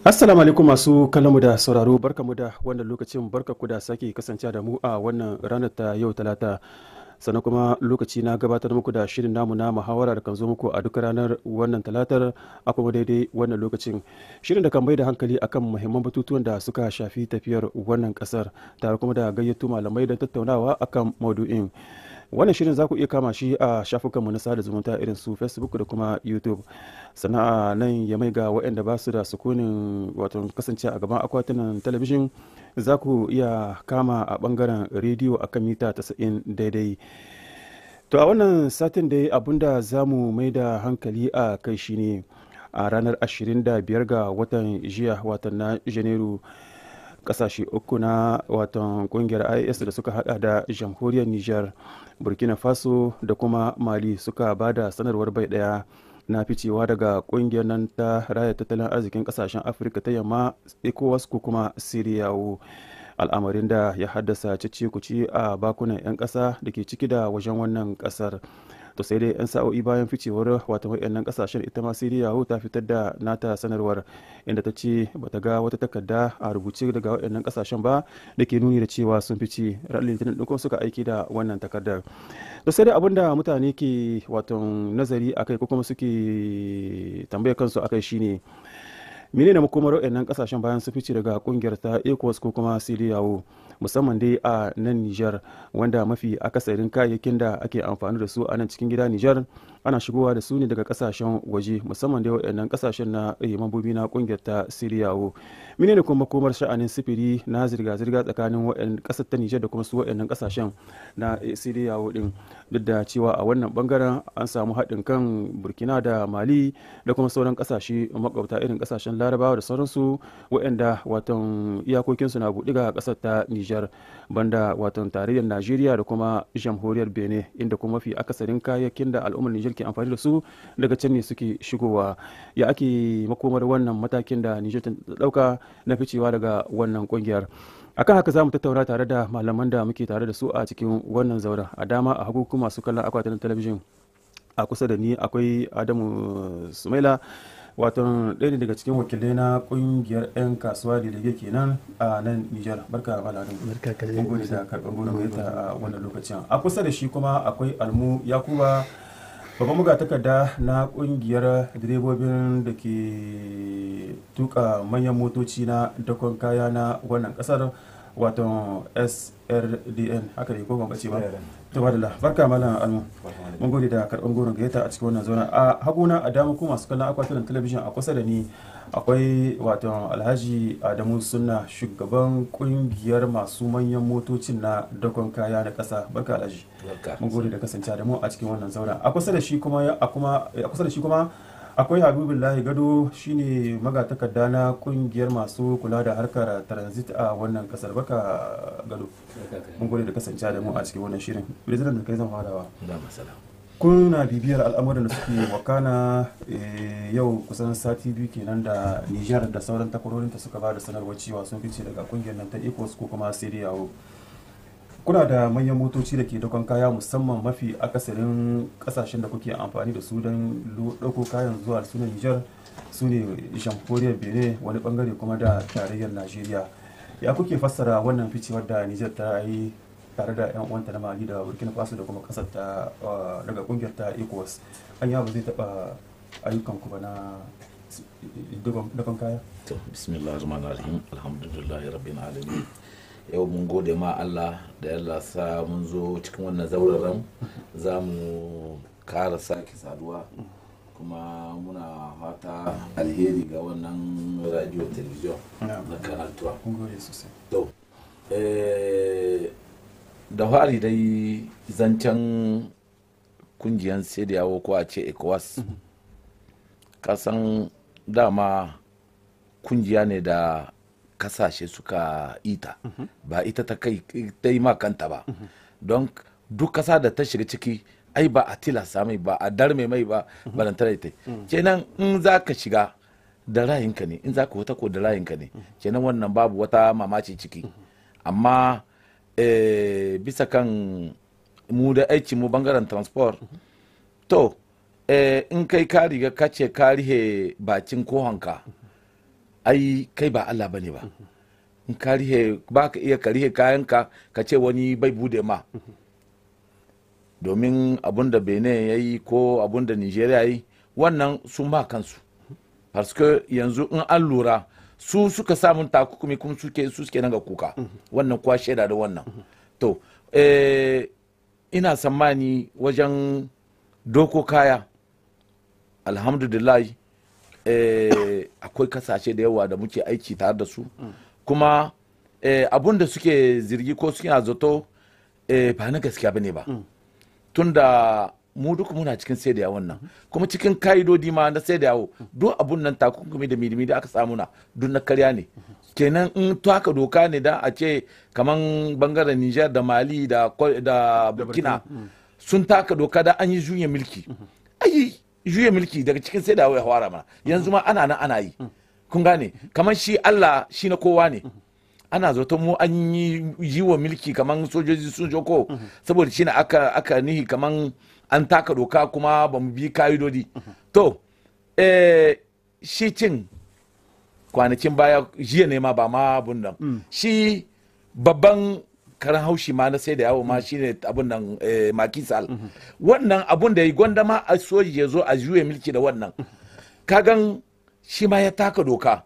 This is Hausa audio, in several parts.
Assalamu alaikum masu kallonmu da sauraro barka mu da wannan lokacin barkaku da sake kasancewa da mu a wannan ranar ta yau talata sannan kuma lokaci na gabatar muku da shirin namu na muhawara da kan zo muku a duk ranar wannan talatar a kuma daidai wannan lokacin shirin da kan bai da hankali akan muhimman batutuwan da suka shafi tafiyar wannan kasar tare kuma da gayyato malamai da tattaunawa akan maudu'in. wannan shirin za ku iya kama shi a shafukanmu na sada zumunta irin su facebook da kuma youtube sana'a nan ya mai ga waɗanda ba su da sukunin wato kasance a gaban akwatunan talabijin za ku iya kama a bangaren rediyo a kan mita 90 daidai to a wannan satin dai abinda za mu mai da hankali a kai shi ne a ranar 25 ga watan jiya watan na janairu kasashe uku na watan kungiyar is da suka hada da jamhuriyar niger burkina faso da kuma mali suka ba da sanarwar bai daya na ficewa daga kungiyar nan ta raya tattalin arzikin kasashen afirka ta yamma ecowas ko kuma siriyawo al'amarin da ya haddasa cece a bakunan 'yan ƙasa da ke ciki da wajen wannan ƙasar to sai dai 'yan sa'o'i bayan ficewar wata wayannan kasashen ita ma sai yahu ta fitar da nata sanarwar inda ta ce bata ga wata takarda a rubuce daga wayannan kasashen ba da ke nuni da cewa sun fice ran tunan dukkan suka aiki da wannan takardar to sai dai da mutane ke wato nazari akai ko kuma suke tambayar kansu akai shine menene makomar wayannan kasashen bayan sun fice daga kungiyar ta ECOWAS ko kuma CDAO musamman dai a nan nijar wanda mafi akasarin kayayyakin da ake amfani da su a nan cikin gida nijar ana shigowa da su ne daga kasashen waje musamman da waɗannan kasashen na eh, mambobi na kungiyar ta siriyawo mine ne kuma komar sha'anin sifiri na zirga-zirga tsakanin waɗannan ƙasar ta nijar da kuma su waɗannan kasashen na eh, siriyawo din duk da cewa a wannan bangaren an samu haɗin kan burkina da mali da kuma sauran kasashe makwabta irin kasashen larabawa da sauransu waɗanda watan iyakokinsu na buɗe ga ƙasar ta nijar banda watan tarayyar najeriya da kuma jamhuriyar benin inda kuma mafi akasarin kayayyakin da al'ummar nijar Nijar ke amfani da su daga can ne suke shigowa ya ake makomar wannan matakin da niger ta dauka na ficewa daga wannan kungiyar akan haka za mu tattauna tare da malaman da muke tare da su a cikin wannan zauren a dama a hagu kuma su kallon akwatin talabijin a kusa da ni akwai adamu sumaila wato ɗaya daga cikin wakilai na kungiyar 'yan kasuwa da daga kenan a nan nijar barka malarin barka da karɓar gudunmu a wannan lokacin a kusa da shi kuma akwai almu yakuba babban magatakarda na kungiyar direbobin da ke tuka manyan motoci na dakon kaya na wannan kasar wato srdn haka ne ko ce ba tabarallah barka malam almu mun gode da karɓar goron gayyata a cikin wannan zauna a haguna a damu kuma su kallon akwatunan talabijin a kusa da ni akwai wato alhaji adamu sunna shugaban kungiyar masu manyan motocin na dakon kaya na ƙasa barka alhaji mun gode da kasance da mu a cikin wannan zauna a kusa da shi kuma akwai habibullahi gado shine magatakarda na kungiyar masu kula da harkar transit a wannan kasar baka gado mun gode da kasance da mu a cikin wannan shirin president kai zan kuna bibiyar al'amuran da suke wakana eh, yau kusan sati biyu kenan da nijar da sauran takwarorinta suka ba da sanarwar cewa sun fice daga kungiyar nan ta ecos ko kuma sai kuna da manyan motoci da ke dakon kaya musamman mafi akasarin kasashen da kuke amfani da su don ɗauko kayan zuwa su ne nijar su ne jamhuriyar benin wani bangare kuma da tarayyar najeriya ya kuke fassara wannan ficewar da nijar ta yi tare da yan uwanta na mali da burkina faso da kuma kasar ta daga kungiyar ta ecowas an ya ba zai taba ayyukan ku ba na dakon kaya bismillahir rahmanir rahim alhamdulillahi rabbil alamin yau mun gode ma Allah da Allah sa mun zo cikin wannan zauraran za mu kara sake saduwa kuma muna fata alheri ga wannan radio television na karantuwa to eh, da fari dai zancen kungiyar sai da yawo ko a ce ecowas mhm. kasan dama kungiya ne da kasashe suka ita ba ita ta kai ta yi ma kanta ba don duk kasa da ta shiga ciki ai ba a tilasta mai ba a darme mai ba balantana ita kenan in za ka shiga da rayinka ne in za ka wata ko da rayinka ne kenan wannan babu wata mamaci ciki amma eh, bisa kan mu da aiki mu bangaren transport to eh, in kai ka riga ka ce ka rihe bakin kohonka ai kai ba Allah bane ba in ka rihe ba ka iya karihe kayan kayanka ka ce wani bai bude ma domin abun da benin ya yi ko abun da nigeria yi wannan sun ba kansu parce yanzu in an lura su suka samun takukumi kuma suke su suke nan ga kuka wannan kuwa shaida da wannan to eh, ina tsammani wajen doko kaya alhamdulillah Eh, akwai kasashe da yawa da muke aiki tare da su kuma eh, abun da suke zirgi ko suke zato eh, ba na gaskiya ba ne ba tunda mu duka muna cikin sai da yawon nan kuma cikin ka'idodi ma na sai da yawo duk abun nan takunkumi da midimi da aka samu na duk na karya ne kenan in taka doka ne da a ce kaman bangaren Niger da Mali da da Burkina mm. sun taka doka da an yi juyin mulki ayi juya mulki daga cikin sai da ya fara mana yanzu ma ana nan ana yi kun gane kamar shi Allah shi na kowa ne ana zato mu an yi yi wa mulki kamar sojoji sun joko saboda shi ne aka aka nihi kamar an taka doka kuma ba mu bi ka'idodi to eh shi cin kwanakin baya jiya ne ma ba ma bundan mm. shi babban karan haushi ma na sai da yawo ma shine abun nan eh, makisal wannan abun da ya gwanda ma a soji ya zo a juye milki da wannan kagan shi ma ya taka doka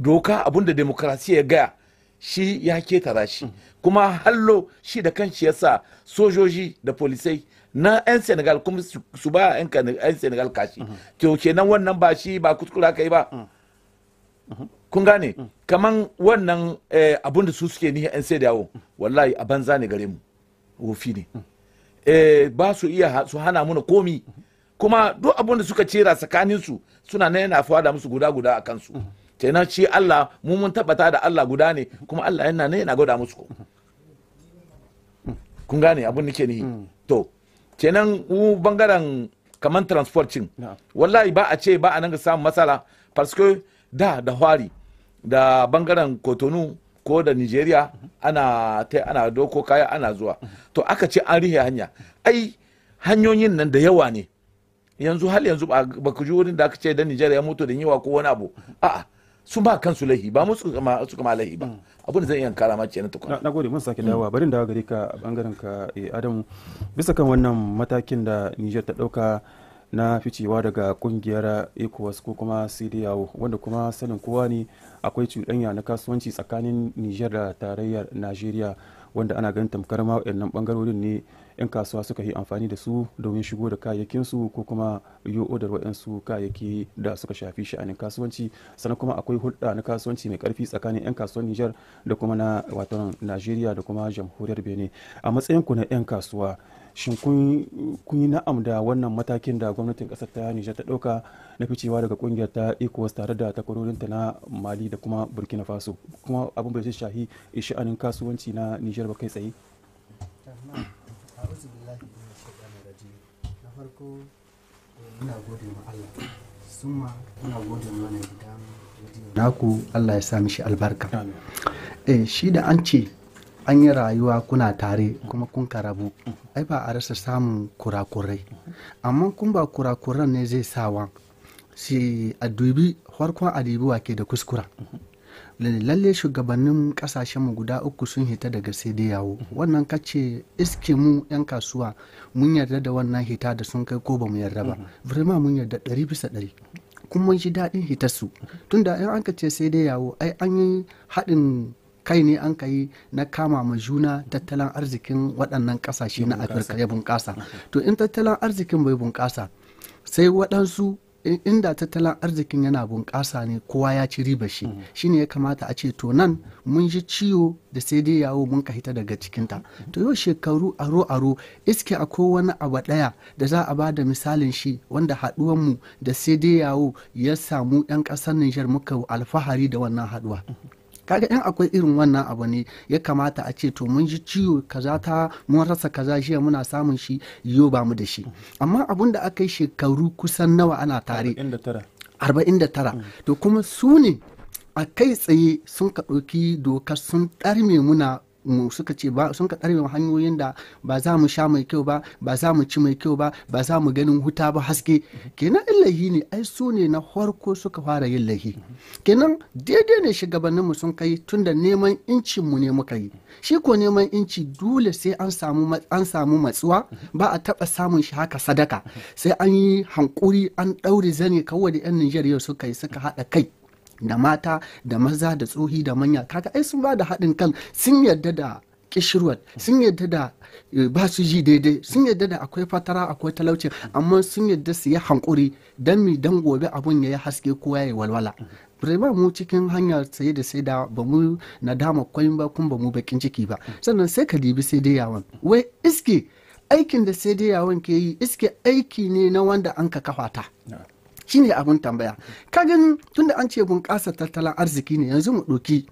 doka abun da demokrasiya ya gaya shi ya ketara shi kuma hallo shi da kanshi ya sa sojoji da polisai na 'yan senegal kuma su ba 'yan senegal kashi to kenan wannan ba shi ba kuskura yi ba kun gane kaman wannan eh, abun da su suke nihi yan sai yawo wallahi a banza ne gare mu wofi ne eh, ba su iya su hana muna komi kuma duk abun da suka cera tsakanin su suna nan yana fawa da musu guda guda a kansu kenan shi Allah mu mun tabbata da Allah guda ne kuma Allah yana nan yana gwada musu kun gane abun nake nihi mm. to kenan mu bangaren kaman transport wallahi ba a ce ba a nan ga samun matsala parce que da da hwari da bangaren kotonu ko da nigeria ana ta ana doko kaya ana zuwa to aka ce an rihe hanya ai hanyoyin nan da yawa ne yanzu hal yanzu ba ku ji wurin da aka ce da nigeria ya mutu da yiwa ko wani abu a'a su ba kansu lahi ba su kama lahi ba abin da zan iya kara mace na tukuna na gode mun sake dawa barin dawo gare ka bangaren ka eh, adamu bisa kan wannan matakin da niger ta dauka na ficewa daga kungiyar ecowas ko kuma cdao wanda kuma sanin kowa ne akwai cuɗanya na kasuwanci tsakanin niger da tarayyar najeriya wanda ana ganin tamkar ma waɗannan ɓangarorin ne 'yan kasuwa suka yi amfani da su domin shigo da kayayyakinsu ko kuma yo odar waɗansu kayayyaki da suka shafi sha'anin kasuwanci sannan kuma akwai hulɗa na kasuwanci mai ƙarfi tsakanin 'yan kasuwar Nijar da kuma na wato Najeriya da kuma jamhuriyar Benin a matsayin ku na 'yan kasuwa shin kun yi na'am da wannan matakin da gwamnatin kasar ta nijar ta ɗauka na ficewa daga kungiyar ta ecowas tare da takwarorinta na mali da kuma burkina faso kuma abin bai shahi sha'anin kasuwanci na nijar ba kai tsaye Na ku Allah ya sa mishi albarka eh, shi da an ce an yi rayuwa kuna tare kuma kun karabu ai ba a rasa samun kurakurai amma kun ba kurakuran ne zai sawa si a dubi farkon a ke da kuskura lalle shugabannin kasashen mu guda uku sun hita daga sai da yawo wannan kace iske mu yan kasuwa mun yarda da wannan hita da sun kai ko ba mu yarda ba vrema mun yarda ɗari bisa ɗari kuma mun ji daɗin hitarsu tunda in an ce sai da yawo ai an yi haɗin kai ne an kai na kama ma juna tattalin arzikin waɗannan ƙasashe na afirka ya bunƙasa to in tattalin arzikin bai bunƙasa sai waɗansu inda tattalin arzikin yana bunƙasa ne kowa ya ci riba shi mm. shine ya kamata a ce to nan mun ji ciwo da sai dai yawo mun ka hita daga cikinta to yau shekaru aro aro iske akwai wani abu ɗaya da za a ba da misalin shi wanda haɗuwan mu da sai dai yawo ya samu 'yan ƙasar Nijar muka alfahari da wannan haɗuwa mm-hmm. kaga in akwai irin wannan abu ne ya kamata a ce to mun ji ciwo kaza ta mun rasa kaza jiya muna samun shi yo ba mu da shi amma abun da aka yi shekaru kusan nawa ana tare 49 mm. to kuma su ne a kai tsaye sun ka ɗauki dokar sun ɗarme muna mu suka ce ba sun ka tsare mu hanyoyin da ba za mu sha mai kyau ba ba za mu ci mai kyau ba ba za mu ganin huta ba haske kenan illahi ne ai su ne na farko suka fara yin lahi kenan daidai ne shugabannin mu sun kai tunda neman incin mu ne muka yi shi ko neman inci dole sai an samu an samu matsuwa ba a taba samun shi haka sadaka sai an yi hankuri an daure zane kawai da yan Nijar yau suka yi suka haɗa kai da mata da maza da tsohi da manya kaga ai sun ba da haɗin kan sun yarda da kishirwar sun yarda da eh, ba su ji daidai sun yarda da akwai fatara akwai talauci amma sun yarda su yi hankuri don mi don gobe abun ya yi haske ko ya walwala ba mu cikin hanyar saye da sai da ba mu nadama kwayin ba kun ba mu bakin ciki ba sannan sai ka dibi sai dai yawon wai iske aikin da sai dai yawon ke yi iske aiki ne na wanda an ka kafa ta shine abin tambaya kagan tunda an ce bunƙasa tattalin arziki ne yanzu mu ɗoki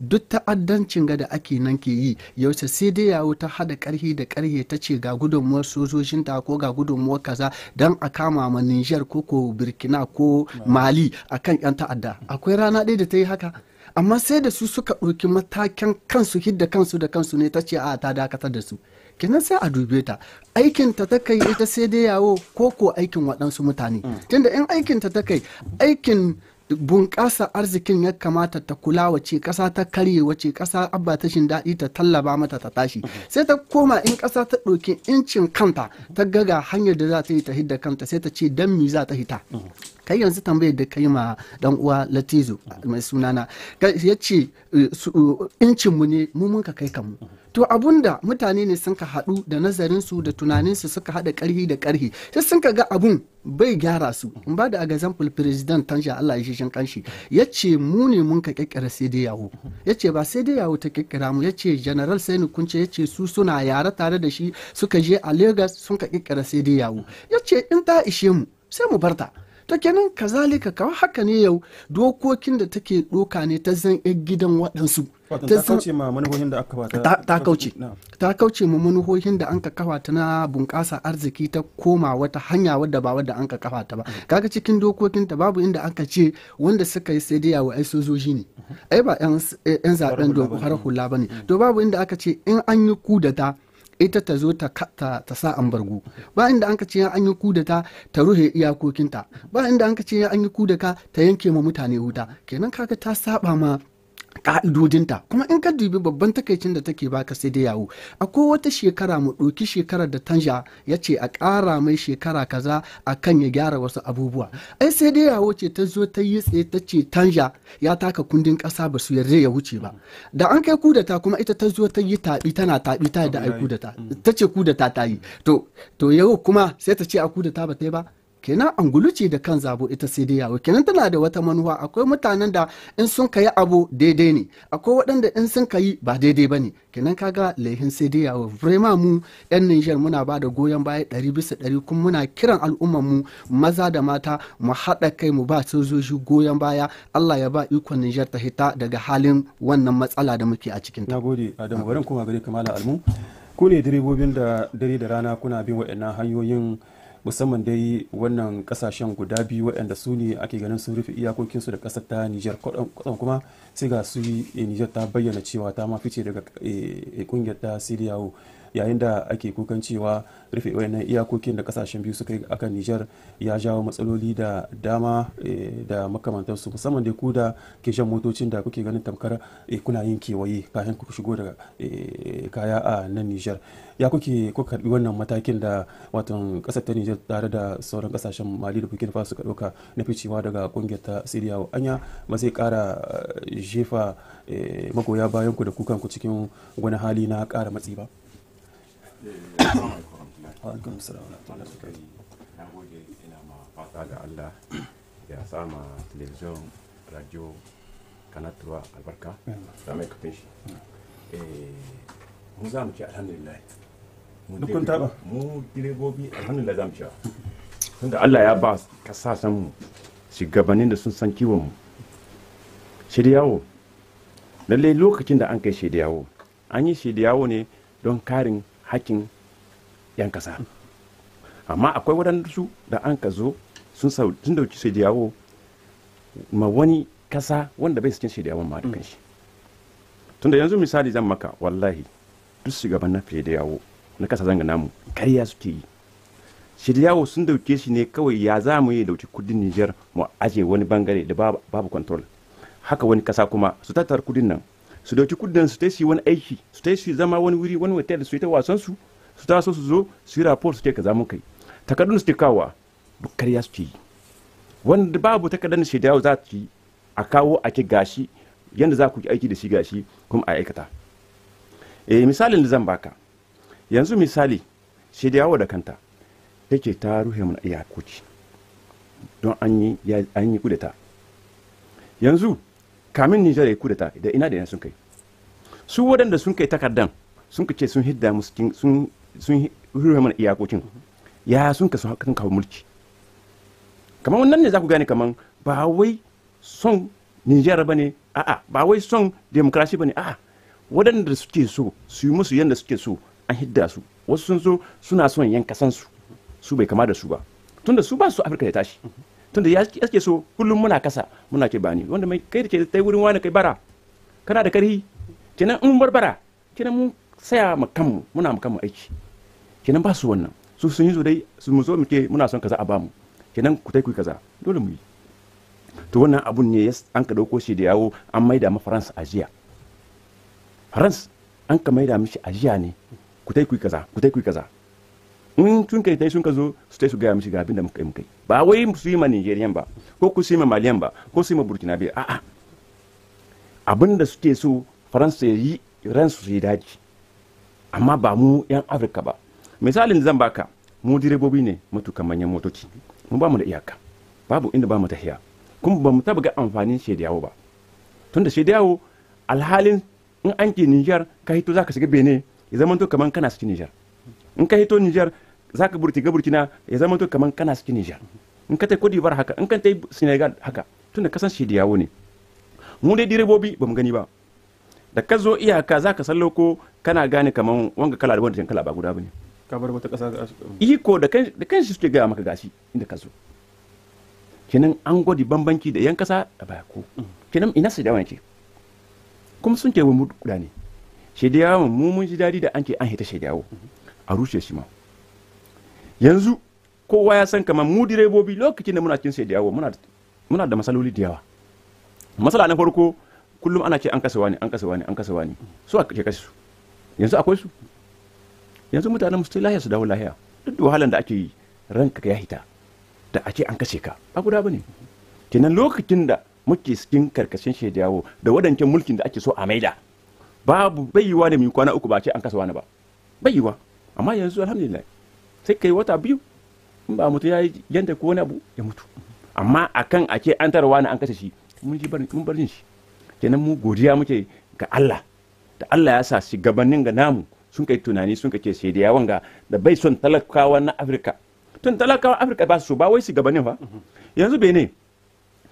duk ta'addancin ga da ake nan ke yi yaushe sai dai yawo ta hada karhi da karhe ta ce ga gudunmuwar sojojin ta ko ga gudunmuwar kaza don a kama ma Nijar ko ko Burkina ko Mali akan yan ta'adda akwai rana ɗaya da ta yi haka amma sai da su suka ɗauki matakan kansu hidda kansu da kansu ne ta ce a ta dakatar da su kina sai a dube ta aikin ta ta kai ita sai dai yawo ko ko aikin waɗansu mutane mm. tunda in aikin ta ta kai aikin bunƙasa arzikin ya kamata ta kula wace ƙasa ta karye wace ƙasa abba ta shin daɗi ta tallaba mata ta tashi mm-hmm. sai ta koma in ƙasa ta ɗauki incin kanta ta gaga hanyar da za ta yi ta hidda kanta sai ta ce dan mi za ta hita mm-hmm. kai yanzu tambayar da kai ma dan uwa latizo mm-hmm. mai sunana ya ce eh, eh, incin mu ne mu mun ka kai kanmu to abunda mutane ne sun ka haɗu da nazarinsu da tunaninsu suka haɗa ƙarfi da ƙarfi sai sun ka ga abun bai gyara su in ba da example president tanja Allah ya shan kanshi ya ce mu ne mun ka kekkira sai dai yawo ya ce ba sai dai yawo ta kekkira mu ya ce general sai kunce ya ce su suna yare tare da shi suka je a lagos sun ka kyakkyara sai dai yawo ya ce in ta ishe mu sai mu barta take nan kazalika kawai haka ne yau dokokin da take doka ne ta zan gidan waɗansu ta kauce ma da ta kauce ma manuhohin da anka kafa ta na bunƙasa arziki ta koma wata hanya wadda ba wadda anka kafa ta ba mm-hmm. kaga cikin dokokin ta babu inda anka ce wanda suka yi sai wa ai sojoji ne mm-hmm. ai ba yan zaben dogon har hula bane mm-hmm. to babu inda aka ce in an yi kudata ita ta zo ta sa an bargo ba inda an ka ce an yi kudata ta ruhe iyakokinta ba inda an ka ce an yi kudata ta yanke ma mutane wuta kenan kaga ta saba ma ka'idodinta kuma in ka dubi babban takaicin da take baka sai da yawo akwai wata shekara mu ɗauki shekarar da tanja ya ce a ƙara mai shekara kaza a kan ya gyara wasu abubuwa ai sai da yawo ce ta zo ta yi tsaye ta ce tanja ya taka kundin ƙasa ba su yarda ya wuce ba da an kai kudata kuma ita ta zo ta yi taɓi tana taɓi ta da ai kudata ta ce kudata ta yi to to yau kuma sai ta ce a kudata ba ta yi ba kenan anguluci da kan zabo ita sai dai yawo kenan tana da wata manuwa akwai mutanen da in sun kayi abu daidai ne akwai waɗanda in sun kayi ba daidai ba ne kenan kaga laihin sai dai yawo vraiment mu yan Niger muna ba da goyon baya ɗari bisa ɗari kuma muna kiran al'umman mu maza da mata mu haɗa kai mu ba sojoji goyon baya Allah ya ba ikon Niger ta hita daga halin wannan matsala da muke a cikin ta. Nagode Adamu bari kuma gare Kamala Almu ku ne direbobin da dare da rana kuna bin waɗannan hanyoyin musamman dai wannan kasashen guda biyu waɗanda su ne ake ganin sun rufe iyakokinsu da ƙasar ta nijar kwatsam kuma sai ga su eh, nijar ta bayyana cewa ta ma fice daga eh, eh, ƙungiyar ta siriyawo yayin da ake kukan cewa rufe wayannan iyakokin da kasashen biyu suka yi akan nijar ya jawo matsaloli da dama eh, da makamantansu musamman da ku da ke shan motocin da kuke ganin tamkar eh, kuna yin kewaye kafin ku shigo da eh, kaya a nan nijar ya kuke ku karbi wannan matakin da watan kasar ta nijar tare da sauran kasashen mali da burkina faso suka dauka na ficewa daga kungiyar ta siriya anya ba zai kara jefa magoya bayan ku da kukan ku cikin wani hali na kara matsi ba ya sama television radio albarka shi mu za mu ci alhamdulillah dukkan taba mu direbobi alhamdulillah za mu ci tunda allah ya ba kasashen mu shugabannin da sun san kiwon mu shiryawo lallai lokacin da an kai shidiyawo an yi shiryawo ne don karin hakkin 'yan kasa amma akwai waɗansu da an ka zo sun dauki shaidiyawo ma wani kasa wanda bai cikin sai da yawon ma da mm. tunda yanzu misali zan maka wallahi duk shugaban na fiye da yawo na kasa zanga namu karya suke yi shaidiyawo sun dauke shi ne kawai ya za mu yi dauki kudin Nijar mu aje wani bangare da babu control haka wani kasa kuma su tattar kudin nan su dauki kudin su tai su wani aiki su tai su zama wani wuri wani hotel su yi ta wasan su su taso su zo su yi rapport su ce ka zamu kai takardun su kawa duk ya su ce yi wanda babu shi da za su yi a kawo a ce gashi yadda za ku yi aiki da shi gashi kuma a aikata e misalin da zan baka yanzu misali shaidawa da kanta take ta ruhe iya iyakoki don an yi kudeta yanzu kamin nijar ya kudeta da ina da yan sun kai su waɗanda sun kai takardan sun ka ce sun hidda musu sun sun mana iyakokin ya sun ka sun kawo mulki kamar wannan ne za ku gane kamar ba wai son Nijar ba ne a'a ba wai son demokrasi ba ne a'a waɗanda suke so su yi musu yadda suke so an hidda su wasu sun so suna son yan kasansu su bai kama da su ba tunda su ba su afirka ya tashi tunda ya ke so kullum muna kasa muna ce bani wanda mai kai da ke yi wurin wani kai bara kana da karhi kenan in barbara kenan mun saya mu kanmu muna mu kanmu aiki kenan ba su wannan su sun yi zo dai su mu zo muke muna son kaza a bamu kenan ku tai ku kaza dole mu yi to wannan abun ne an ka dauko shi da yawo an maida ma France ajiya France an ka maida mishi ajiya ne ku tai ku kaza ku tai ku kaza in tun kai tai sun ka zo su tai su ga mishi ga abin da muka yi muka yi ba wai su yi ma Nigerian ba ko ku su yi ma Malian ba ko su yi ma Burkina Faso a'a abin da suke so faransa ya yi ransu su yi daji amma ba mu 'yan afirka ba misalin zan baka mu direbobi ne matukan manyan motoci mu ba mu da iyaka babu inda ba mu hiya kuma ba mu taba ga amfanin shaidiyawo ba tun da shaidiyawo alhalin in an ke nijar ka hito za ka shiga bene ya zama to kamar kana cikin nijar in ka hito nijar za ka burti ga burkina ya zama to kamar kana cikin nijar in ka ta cote d'ivoire haka in ka tai senegal haka tun da kasan shaidiyawo ne mu dai direbobi ba mu gani ba da ka zo iyaka za ka salloko kana gane kamar wanga kala da wanda kala ba guda bane ka bar wata kasa iko da kan da kan shi suke gaya maka gashi inda ka zo kinan an gwadi bambanci da yan kasa da baya ko mm. kinan ina su da wani ke kuma sun ce mu guda ne shaidawa mu mun ji dadi da an ce an hita shaidawo mm-hmm. a rushe shi ma yanzu kowa ya san kamar mu direbobi lokacin da muna cikin shaidawo muna muna da masaloli da yawa masala na farko kullum ana ce an kasa wani an kasa wani an kasa wani su a ke kashe su yanzu akwai su yanzu mutanen su lahiya su dawo lahiya duk da wahalan da ake yi ranka ya hita da a ce an kashe ka ba guda bane kenan lokacin da muke cikin karkashin shaidawo da wadancan mulkin da ake so a maida babu bayyuwa da mai kwana uku ba ce an kasa wani ba bayyuwa amma yanzu alhamdulillah sai kai wata biyu in ba mutu ya yi yanda ko wani abu ya mutu amma akan a ce an tarwa na an kashe shi mun ji barin shi kenan mu godiya muke ga Allah da Allah ya sa shugabannin ga namu sun kai tunani sun kace sai da yawan ga da bai son talakawa na Afirka tun talakawa Afirka ba su ba wai shugabannin fa yanzu Benin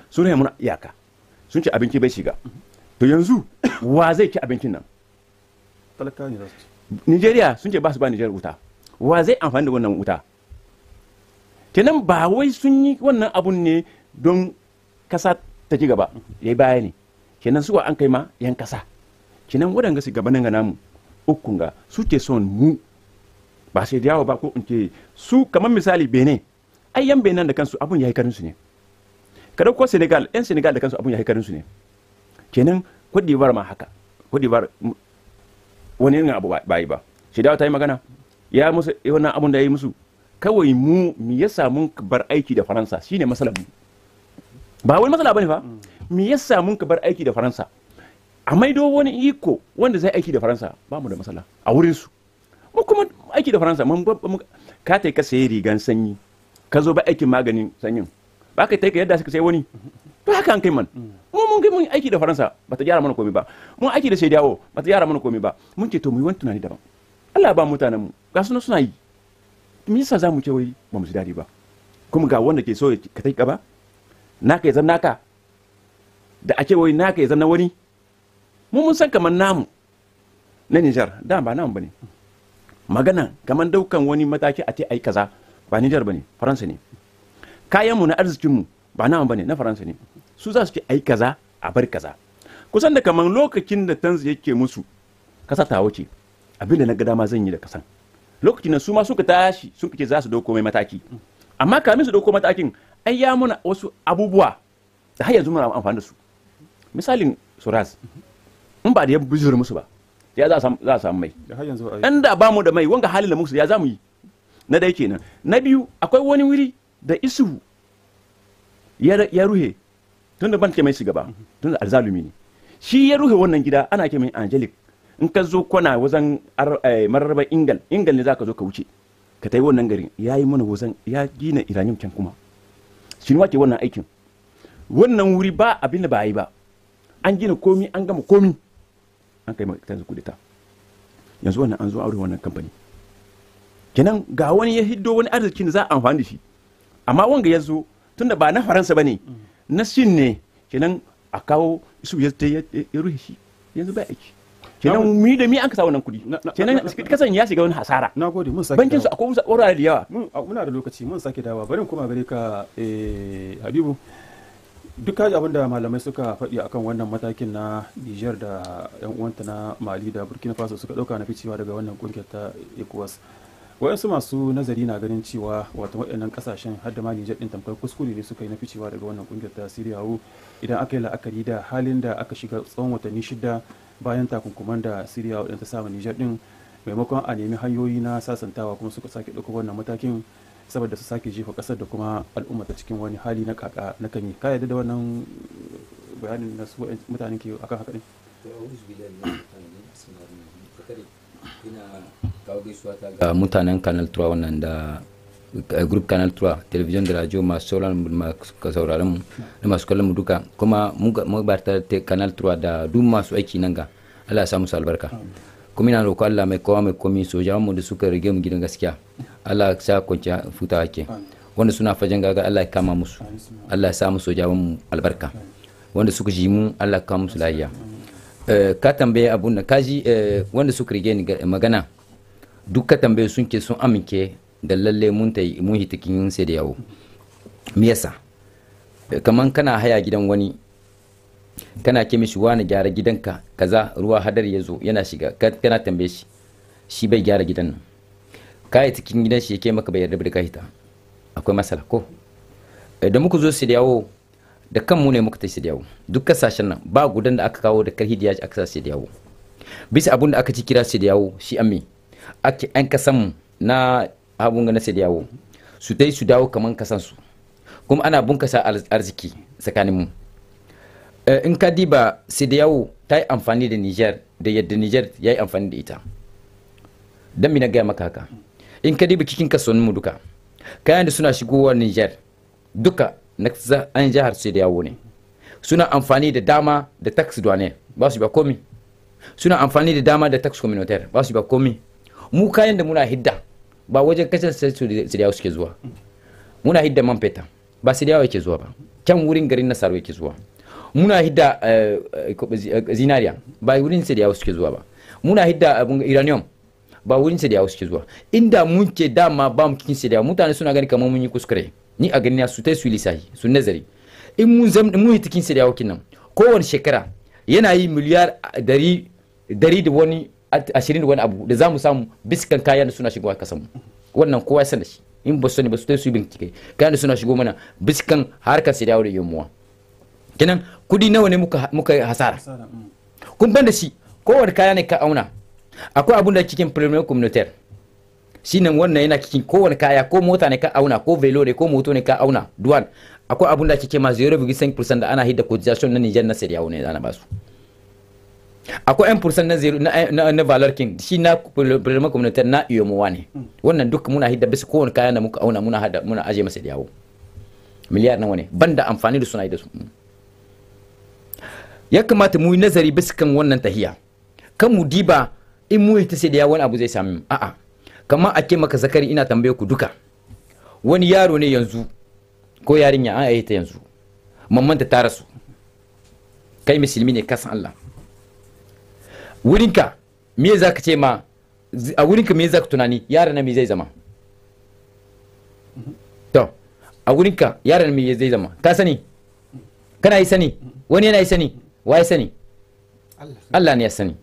sun rage mun iyaka sun ci abinci bai shiga to yanzu wa zai ci abincin nan talakawa ne Nigeria sun ce ba su ba Nigeria wuta wa zai amfani da wannan wuta kenan ba wai sun yi wannan abun ne don kasa ta ci gaba ya baya ne kenan suwa an kai ma yan kasa kenan waɗanga su gabanin ga namu uku ga suke son mu ba sai dawo ba ko in ce su kamar misali benin ai yan benin da kansu abun yi karin su ne kada ko senegal yan senegal da kansu abun ya yi karin su ne kenan cote ma haka cote wani irin abu ba yi ba shi dawo ta yi magana ya musu wannan abun da ya yi musu kawai mu me yasa mun bar aiki da faransa shine masalan mu ba wani matsala bane fa me yasa mun ka bar aiki da faransa a maido wani iko wanda zai aiki da faransa ba mu da matsala a wurin su mu kuma aiki da faransa mun ka tai ka sayi rigan sanyi ka zo ba aikin maganin sanyin ba ka tai ka yadda suka sai wani to haka an kai man mu mun kai mun aiki da faransa ba ta gyara mana komai ba mun aiki da sai dawo ba ta gyara mana komai ba mun ce to mu yi wani tunani daban Allah ba mutanen mu ga suna suna yi me yasa za mu ce wai ba mu ji dadi ba kuma ga wanda ke so ka tai gaba naka ya zan naka da ake wai naka ya zama wani mu mun san kamar namu na Nijar da ba namu bane magana kamar daukan wani mataki a ce ai kaza ba Nijar bane Faransa ne kayan mu na arzikin mu ba namu bane na Faransa ne su za su ce ai kaza a bar kaza kusan da kamar lokacin da tanzu yake musu kasa ta wuce abinda na ga dama zan yi da kasan lokacin da su ma suka tashi suka ce za su dauko mai mataki amma kamin su dauko matakin ai ya muna wasu abubuwa da har yanzu muna amfani da su misalin suras in ba da ya bujur musu ba ya za a samu mai ɗan da ba mu da mai wanga halin da musu ya za mu yi na dai kenan na biyu akwai wani wuri da isu ya ruhe tun da ban ke mai shiga ba tun da alzalumi ne shi ya ruhe wannan gida ana ke mai angelic in ka zo kwana wajen eh, mararraba ingal ingal ne za ka zo ka wuce ka ta yi wannan garin ya yi mana wajen ya gina iranium can kuma shi ke wannan aikin wannan wuri ba abin da ba yi ba an gina komi an gama komi an kai tanzu kudeta yanzu wannan an zo aure wannan kamfani kenan ga wani ya hiddo wani arzikin da za a amfani da shi amma wanga ya zo tunda ba na faransa ba ne na sin ne kenan a kawo su ya ruhe shi yanzu ba aiki kenan mi da mi an kasa wannan kudi kenan kasan ya shiga wani hasara nagode mun sake bankin su akwai wurare da yawa muna da lokaci mun sake dawa bari kuma gare ka eh, habibu duk kaji abin da malamai suka faɗi akan wannan matakin na niger da yan uwanta na mali da burkina faso suka ɗauka na ficewa daga wannan ƙungiyar ta ecowas wayansu masu nazari na ganin cewa wata waɗannan ƙasashen har da ma niger ɗin tamkar kuskure ne suka yi na ficewa daga wannan ƙungiyar ta siriyawo idan aka yi la'akari da halin da aka shiga tsawon watanni shida bayan takunkuman da siriyawo ɗin ta samu niger ɗin maimakon a nemi hanyoyi na sasantawa kuma suka sake ɗauka wannan matakin saboda su sake jefa kasar da kuma al'umma ta cikin wani hali na kaka na kanyi ka yadda da wannan bayanin na su mutanen ke akan haka ne ga mutanen canal 3 wannan da eh, group canal 3 television da rajo masu sauraron sauraron da masu kallon mu duka kuma mu ta canal 3 da duk masu aiki nan ga Allah ya samu albarka kuma ina roƙo Allah mai kowa mai komi sojawan mu da suka rige mu gidan gaskiya Allah sa kwanciya futa ake wanda suna fajen gaga Allah ya kama musu Allah ya sa mu sojawan mu albarka wanda suka ji mu Allah ya kama musu lafiya eh, ka tambaye abun da kaji eh, wanda suka rige ni magana duk tambaye sun ke sun amince da lalle mun ta mun hitikin sai da yawo me yasa eh, kaman kana haya gidan wani kana ke mishi wani gyara gidanka kaza ruwa hadar ya zo yana shiga kana tambaye shi shi bai gyara gidan nan kai cikin gidan shi yake maka bai yarda da ta. akwai masala ko idan eh, muka zo su da yawo da kanmu ne muka tashi da yawo duk kasashen nan ba gudan da aka kawo da karhi da yaji aka sa da yawo bisa abun da aka ci kira shi da yawo shi amme ake an kasan na abun ga na su da yawo su dai su dawo kaman kasan su kuma ana bunkasa arziki tsakanin mu Eh, in ka diba sidiyawo ta yi amfani da niger da yadda niger ya yi amfani da ita don mina gaya maka haka in ka diba cikin kasuwannin mu duka kayan da suna shigowar niger duka na an jihar sidiyawo ne suna amfani da dama da tax douane ba su ba komi suna amfani da dama da tax communautaire ba su ba komi mu kayan da muna hidda ba wajen kasar sidiyawo suke zuwa muna hidda man feta ba sidiyawo yake zuwa ba can wurin garin nasaru yake zuwa muna hidda eh, eh, eh, zinariya ba wurin sai da yawo suke zuwa ba muna hidda iranium ba wurin sai da yawo suke zuwa inda mun ke dama ba mu kin sai da mutane suna gani kamar mun yi kuskure ni a gani su tai su lissafi su nazari in mun zam mun yi tikin sai da yawa nan kowane shekara yana yi miliyar dari dari da wani ashirin da wani abu da za mu samu biskan kayan da suna shigowa mu wannan kowa ya sani shi in ba su ne ba su tai su bincike kayan da suna shigo mana biskan harkar sai da yawo da yamuwa. kenan kudi nawa ne muka muka hasara mm. kun ban da shi wani kaya ne ka auna akwai abun da cikin premier communautaire shi shine wannan yana cikin wani kaya ko mota ne ka auna ko velo ne ko moto ne ka auna duwan akwai abun da cikin ma 0.5% da ana hidda cotisation na Niger na Sadiyawo ne ana basu akwai 1% na zero na na, na valor king shi na preliminary communautaire na iyomowa ne mm. wannan duk muna hidda bisa kowane kaya da muka auna muna hada muna aje masa Sadiyawo miliyar nawa ne banda amfani da suna yi da su ya kamata mu yi nazari bisa kan wannan tahiya kan mu diba in mu ta sai da wani abu zai sami a'a kamar ake maka zakari ina tambaye ku duka wani yaro ne yanzu ko yarinya an ayyata yanzu mamman ta rasu kai musulmi ne kasan Allah wurinka me za ka ce ma a wurinka me za ka tunani yaran na me zai zama to a wurinka yaran me zai zama ka sani kana yi sani wani yana yi sani waye sani Allah ne ya sani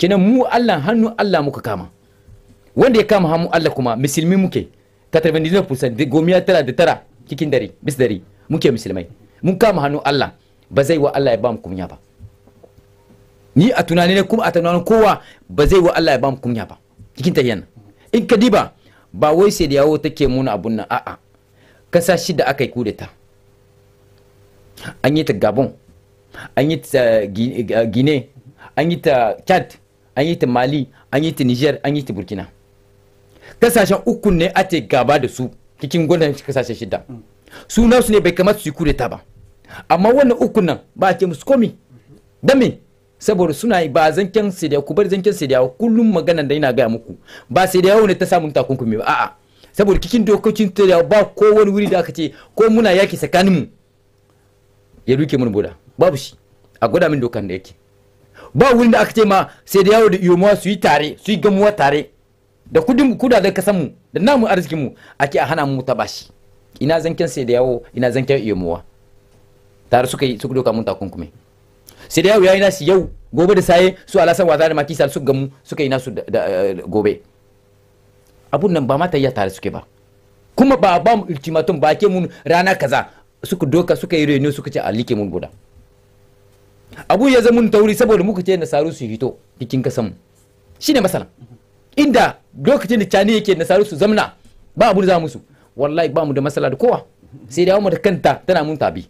kinan mu Allah hannu Allah muka kama wanda ya kama hannu Allah kuma musulmi muke 99% gomiya tara da tara cikin dare bis dare muke musulmai mun kama hannu Allah ba zai wa Allah ya ba mu kunya ba ni a tunani ne kuma a tunanin kowa ba zai wa Allah ya ba mu kunya ba cikin tahiyan in ka diba ba wai sai da yawo take muna abun nan a'a kasa da aka yi kudeta an yi ta gabon an yi ta gine an yi ta chad an yi ta mali an yi ta niger an yi ta burkina kasashen uku ne ake gaba da su cikin gwamnati kasashen shida suna su ne bai kamata su yi kudeta ba amma wannan uku nan ba a ce musu komi da me saboda suna ba zancen sai ku bar zancen sai kullum maganan da ina gaya muku ba sai ne ta samun takunkumi ba a'a saboda cikin dokokin sai ba ko wani wuri da aka ce ko muna yaki tsakanin mu ya duke mun boda babu shi a gwada min dokan da yake ba wurin da aka ce ma sai da yawo da iyomuwa su yi tare su yi gamuwa tare da kudin kudaden kasan mu da namu arzikin mu ake a hana mu ta bashi ina zanken sai da yawo ina zanken muwa tare suka yi suka doka mun kunkume sai da yawo yayi nasu yau gobe da saye su san wata da makisa su gamu suka yi nasu eh, gobe abun nan ba ma tayya tare suke ba kuma ba ba mu ultimatum ba ke mun rana kaza suka doka suka yi reno suka ce a like mun guda abu ya zama wuri saboda muka ce nasaru su hito cikin kasan mu shine masala inda lokacin da cani yake nasaru su zamna ba abu da za musu wallahi ba mu da masala da kowa sai da mu da kanta tana mun tabi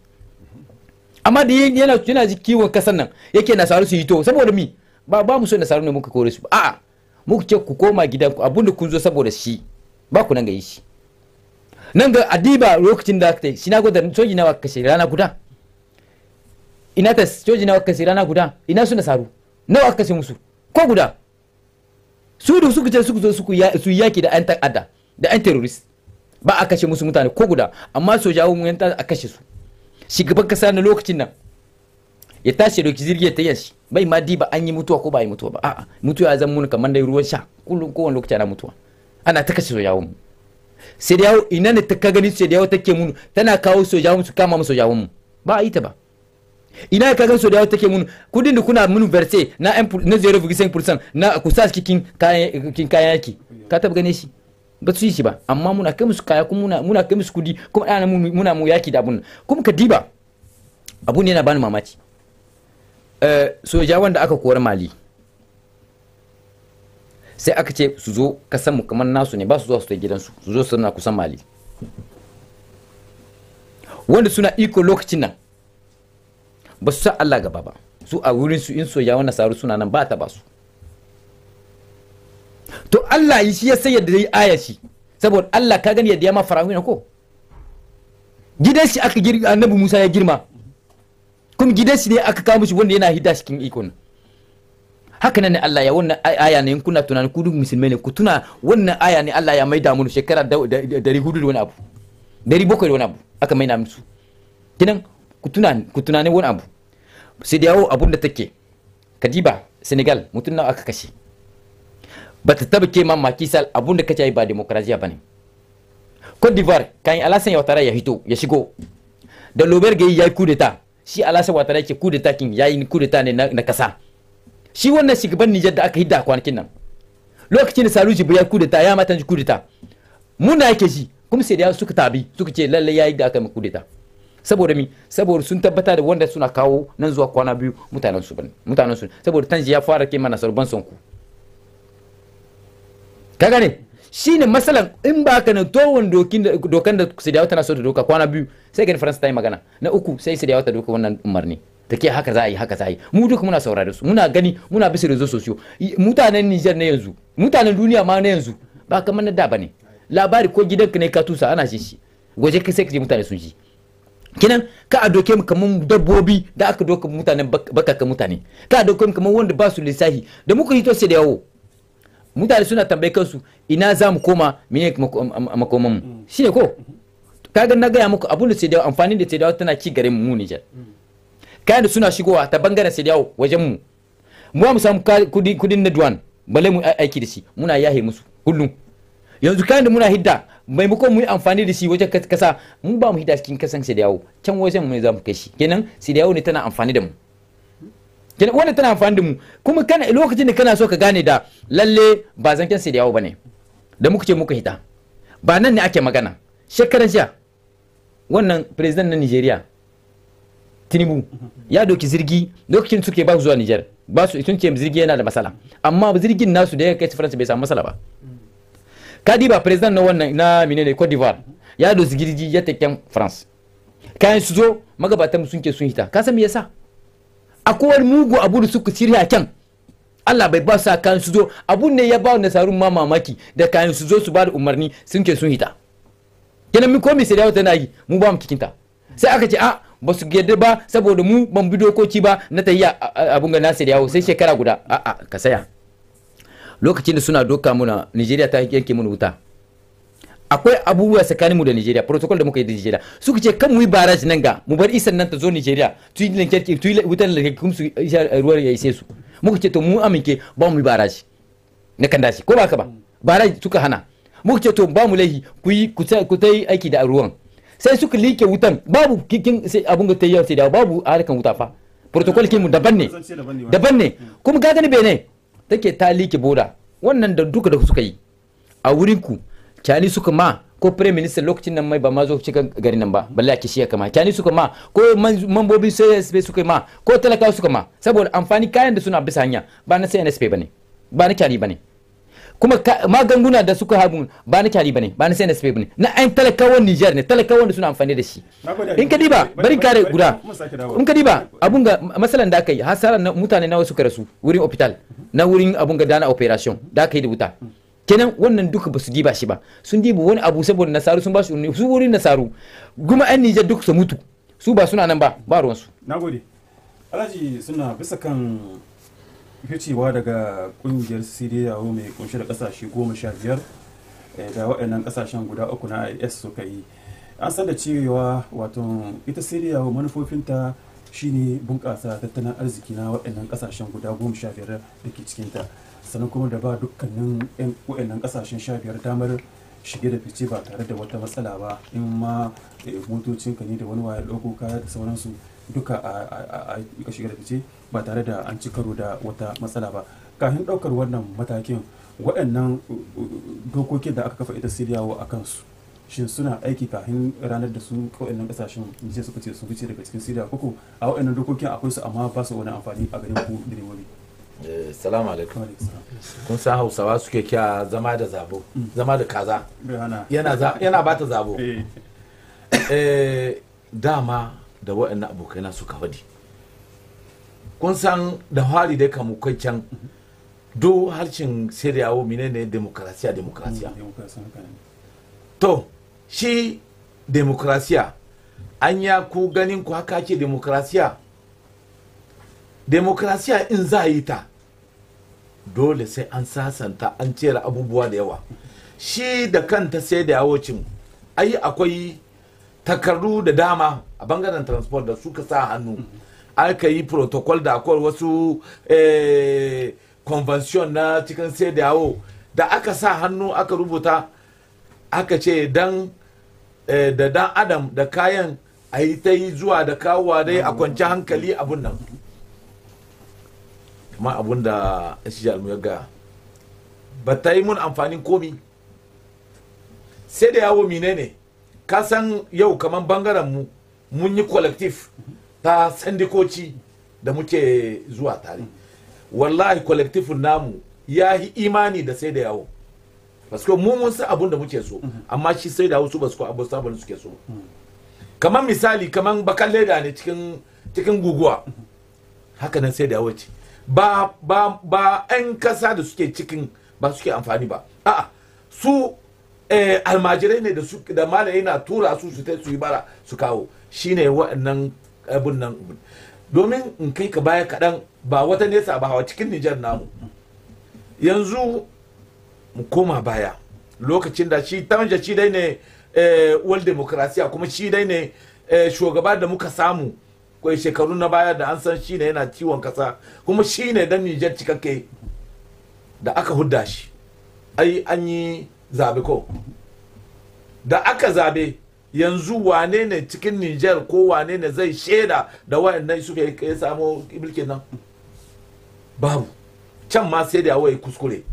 amma da yana yana kiwon kasan nan yake nasaru su hito saboda mi ba ba mu so nasaru ne muka kore su a'a muka ce ku koma gidanku abunda kun zo saboda shi ba ku nan ga yi shi nan ga adiba lokacin da aka yi shi na gwada soji nawa kashe rana guda ina ta coci na wakasi rana guda ina suna saru na wakasi musu ko guda su da su ce suku zo su yaki da yan ta'adda da yan terrorist ba a kashe musu mutane ko guda amma sojawo mu yanta a kashe su shugaban kasa na lokacin nan ya tashi dauki jirgi ta yanshi bai ma diba an yi mutuwa ko ba yi mutuwa ba a'a mutuwa ya zama mun kamar dai ruwan sha kullum kowane lokaci ana mutuwa ana ta kashe sojawo mu sai da yawo ina ne ta ka gani sai da yawo take mun tana kawo sojawo mu su kama mu sojawo mu ba a yi ta ba ina ka gansu da yawa take mun kudin da kuna mun verse na na 0.5% na ku sa cikin kayan kayan yaki ka taba gane shi ba su yi shi ba amma muna kai musu kaya kuma muna kai musu kudi kuma ana muna mu yaki da abun kuma ka diba abun yana bani mamaki eh soja wanda aka kora mali sai aka ce su zo kasan mu kamar nasu ne ba su zuwa su ta gidansu su zo su na kusan mali wanda suna iko lokacin nan ba su san Allah gaba ba su a wurin su in wannan nasaru suna nan ba ta ba su to Allah yi shi ya sai yadda zai aya shi saboda Allah ka gani yadda ya ma fara'una ko gidan shi aka girma annabi Musa ya girma kuma gidan shi ne aka kawo shi wanda yana hidda cikin ikon haka nan ne Allah ya wannan aya ne kuna tunanin ku duk musulmai ne ku tuna wannan aya ne Allah ya maida mu shekara dari hudu da wani abu dari da wani abu aka maina musu kinan ku tunani wani abu sai da yawo abun da take kadiba senegal mutum nawa aka kashe ba ta taba ke mamaki sal abun da kace ba demokrasiya ne cote d'ivoire kan alasan yawatara ya hito ya shigo da lobar gayi ya yi kudeta shi alasan watara yake kudeta kin ya yi kudeta ne na kasa shi wannan shugaban nijar da aka hidda kwanakin nan lokacin da saluji bai ya kudeta ya matan kudeta muna yake shi kuma sai da suka tabi suka ce lallai ya yi da aka yi kudeta saboda mi saboda sun tabbata da wanda suna kawo nan zuwa kwana biyu mutanen su mutanen su saboda tanji ya fara kai mana sarban ku ka gane shine masalan in ba ka na towon dokin dokan da su dawo tana so da doka kwana biyu sai gani faransa ta yi magana na uku sai su dawo ta doka wannan umarni ta ke haka za a yi haka za a yi mu duka muna saurare su muna gani muna bisa rezo sosiyo mutanen Nijar na yanzu mutanen duniya ma na yanzu ba kamar na da bane labari ko gidanka ne ka tusa ana jin shi waje ka sai ka je mutane sun ji kinan ka a doke mu kamar dabbobi da aka doka mutanen bakaka mutane ka a doke mu kamar wanda ba su lissahi da muka hito sai da yawo mutane suna tambayi kansu ina za mu koma mene makoma mu mm-hmm. ne ko kaga na gaya muku abun da sai da amfani da sai da tana ci garin mu jar mm-hmm. kayan da suna shigowa ta bangaren sai da wajen mu mu mu samu kudin na duwan bale mu aiki da shi muna yahe musu kullum yanzu kayan da muna hidda maimakon mu yi amfani da shi wajen kasa mun ba mu hita cikin kasan sai da yawo can wajen mu za mu kai shi kenan sai da yawo ne tana amfani da mu kenan wannan tana amfani da mu kuma kana lokacin da kana so ka gane da lalle ba zan sai da yawo bane da muka ce muka hita ba nan ne ake magana shekaran jiya wannan president na Nigeria Tinubu ya doki zirgi lokacin suke ba zuwa Niger ba su sun ce zirgi yana da matsala amma zirgin nasu da ya kai France bai samu matsala ba kadi ba president na wannan na ne Cote d'Ivoire ya dosi girgi ya taken France kayan su zo magabatan sun ke sun hita ka san me yasa a wani mugu abu da suka shirya kyan Allah bai ba sa kayan su zo abun ne ya ba nasarun ma mamaki da kayan su zo su ba da umarni sun ke sun hita kenan mu komi sai dawo tana yi mu ba mu kikinta sai aka ce a ba su yarda ba saboda mu ban bi dokoki ba na tayya abun ga nasir yawo sai shekara guda a'a ka saya lokacin da suna doka muna nigeria ta yanke muna wuta akwai abubuwa tsakanin mu da nigeria protocol da muka yi da nigeria suka ce kan mu yi baraji nan ga mu bar isan nan ta zo nigeria tu yi wutar kuma su ruwar ya ise su muka ce to mu aminke ba mu yi baraji na kan dashi ko ba ka ba baraj suka hana muka ce to ba mu laihi ku yi ku ta yi aiki da ruwan sai suka like wutan babu kikin abun ga ta yi sai da babu harkan wuta fa protocol kin mu daban ne daban ne kuma ka gani bene take taliki boda wannan da duka da suka yi a wurin kyani suka ma ko prime minister lokacin nan mai ba ma zo cikin garin nan ba balle shi ya kama kyani suka ma ko mambobin CSP suka ma ko talakawa suka ma saboda amfani kayan da suna bisa hanya ba na CNSP bane ba na kyani bane kuma magunguna da suka haɓu ba na kyari bane ba na sai na spain bane na ayin talakawan Niger ne talakawan da suna amfani da shi in ka diba bari kare guda in ka diba abun ga masalan da aka yi hasara na mutane nawa suka rasu wurin hospital na wurin abun ga dana operation da aka yi da wuta kenan wannan duka ba su diba shi ba sun diba wani abu saboda nasaru sun ba su su wurin nasaru kuma yan Niger duk su mutu su ba suna nan ba ba ruwansu nagode alhaji suna bisa kan ficewa daga kungiyar siriyawo mai kunshi da kasashe goma sha biyar eh, da waɗannan kasashen guda uku na is suka yi an san da cewa wato ita siriyawo manufofinta shine bunƙasa tattalin arziki na waɗannan kasashen guda goma sha biyar da ke cikinta sannan kuma da ba dukkanin waɗannan kasashen sha biyar damar shige da fice ba tare da wata matsala ba in ma eh, motocinka ne da wani waya ɗauko da sauransu duka a shige da fice ba tare da an ci karo da wata matsala ba kafin ɗaukar wannan matakin waɗannan uh, uh, dokokin da aka kafa ita siriyawa a kansu shin suna aiki kafin ranar da su waɗannan ƙasashen jiya suka ce sun fice daga cikin siriya koko a waɗannan dokokin akwai su amma ba su wani amfani a garin ku direbobi eh, salamu alaikum kun san hausawa suke kya zama da zabo mm. zama da kaza yana ba ta zabo eh. Eh, dama da waɗannan abokaina suka kawadi. kun san da hari da kamu kai can do harshen mine menene demokrasiya demokrasiya mm, to shi demokrasiya an ya ku ganin ku haka ke demokrasiya demokrasiya in za yi ta dole sai an sasanta an cera abubuwa da yawa shi da kanta sai da yawocin ai akwai takardu da dama a bangaren transport da suka sa hannu mm-hmm. aka yi protocol da akwai wasu eh, convention na cikin sai da yawo da aka sa hannu aka rubuta aka ce eh, da dan adam da kayan a yi ta yi zuwa da kawowa dai a kwanci hankali abun nan kuma abun da shijal ya ga ba ta yi mun amfanin komi sai da yawo mine ne ka yau kamar bangaren mu mun yi collective ta sandikoci da muke zuwa tare wallahi kwalektifin namu ya yi imani da sai da yawo basko mu mun san abun da muke so amma shi sai da wasu basko abu sabon suke so kamar misali kamar bakan leda ne cikin guguwa haka nan sai da yawo ce ba ba ba kasa da suke cikin ba suke amfani ba a su eh, almajirai ne da malaye na tura su su ta su yi bara su kawo shine waɗannan abin nan domin in kai ka baya kaɗan ba wata nesa ba hawa cikin nijar namu yanzu mu koma baya lokacin da shi tanja shi dai ne eh, world democracy kuma shi dai ne eh, shugaba da muka samu kwai shekaru na baya da an san shi ne yana ciwon kasa kuma shi ne dan nijar cikakke da aka hudda shi ai an yi zabe ko da aka zabe yanzu wane ne cikin niger ko wane ne zai shaida da wayannan suka ya samo mulkin nan babu can ma sai da wai kuskure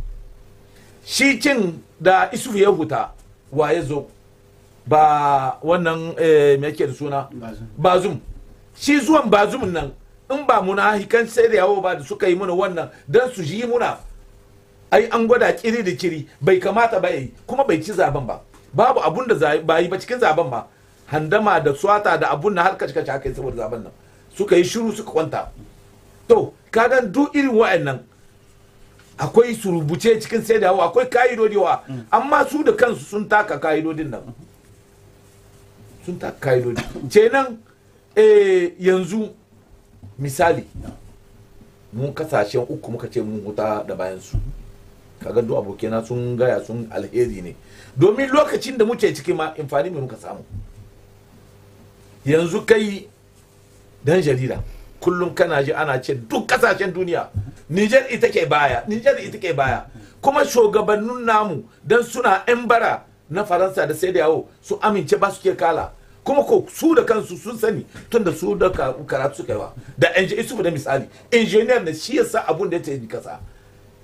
shi cin da isuf ya huta wa ya zo ba wannan eh, da suna bazum shi zuwan bazum nan in ba muna hikan sai da yawo ba da suka yi muna wannan don su yi muna ai an gwada kiri da kiri bai kamata ba yi kuma bai ci zaben ba babu abun da ba yi ba cikin zaben ba handama da swata da abun na harka kace haka saboda zaben nan suka yi shiru suka kwanta to kagan duk irin wa'annan akwai surubuce cikin sai da akwai ka'idodi wa amma su da kansu sun taka ka'idodin nan sun taka ka'idodi kenan eh yanzu misali mun kasashen uku muka ce mun huta da bayan su kaga duk abokina sun gaya sun alheri ne domin lokacin da muke ciki ma amfani mai muka samu yanzu kai dan jarida kullum kana ji ana ce duk kasashen duniya Nijar ita ke baya Nijar ita ke baya kuma shugabannin namu dan suna yan bara na Faransa da sai da yawo su amince ba su ke kala kuma ko su da kansu sun sani tunda da su da karatu suka yi da injiniya da misali injiniyar na shi yasa abun da ya ce kasa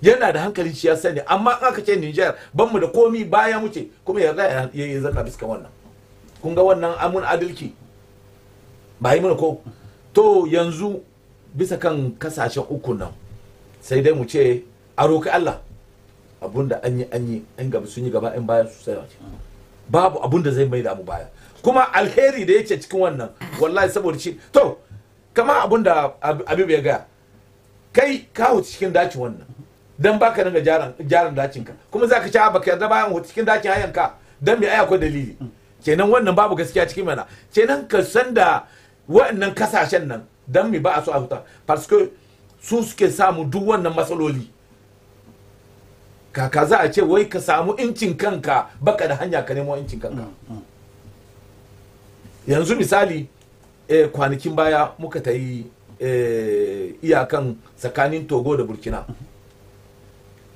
yana da hankali shi ya sani amma in aka ce Niger ban mu da komi baya muke kuma ya ya yi zaka biska wannan kun ga wannan amun adalci ba yi mana ko to yanzu bisa kan kasashen uku nan sai dai mu ce a roki Allah abunda an yi an yi an gaba sun yi gaba in bayan su sai babu abunda zai mai da mu baya kuma alheri da yake cikin wannan wallahi saboda shi to kama abun da ya gaya kai kawo cikin daci wannan dan baka daga jaran jaran dacinka kuma zaka ci ah, baka yadda bayan cikin dacin hayanka dan me ai akwai dalili kenan wannan babu gaskiya cikin mana kenan ka san da waɗannan kasashen nan dan me ba a so a huta parce que su suke samu duk wannan matsaloli kaka za a ce wai ka samu incin kanka baka da hanya ka nemo incin kanka yanzu misali eh, kwanakin baya muka ta yi eh, iyakan tsakanin togo da burkina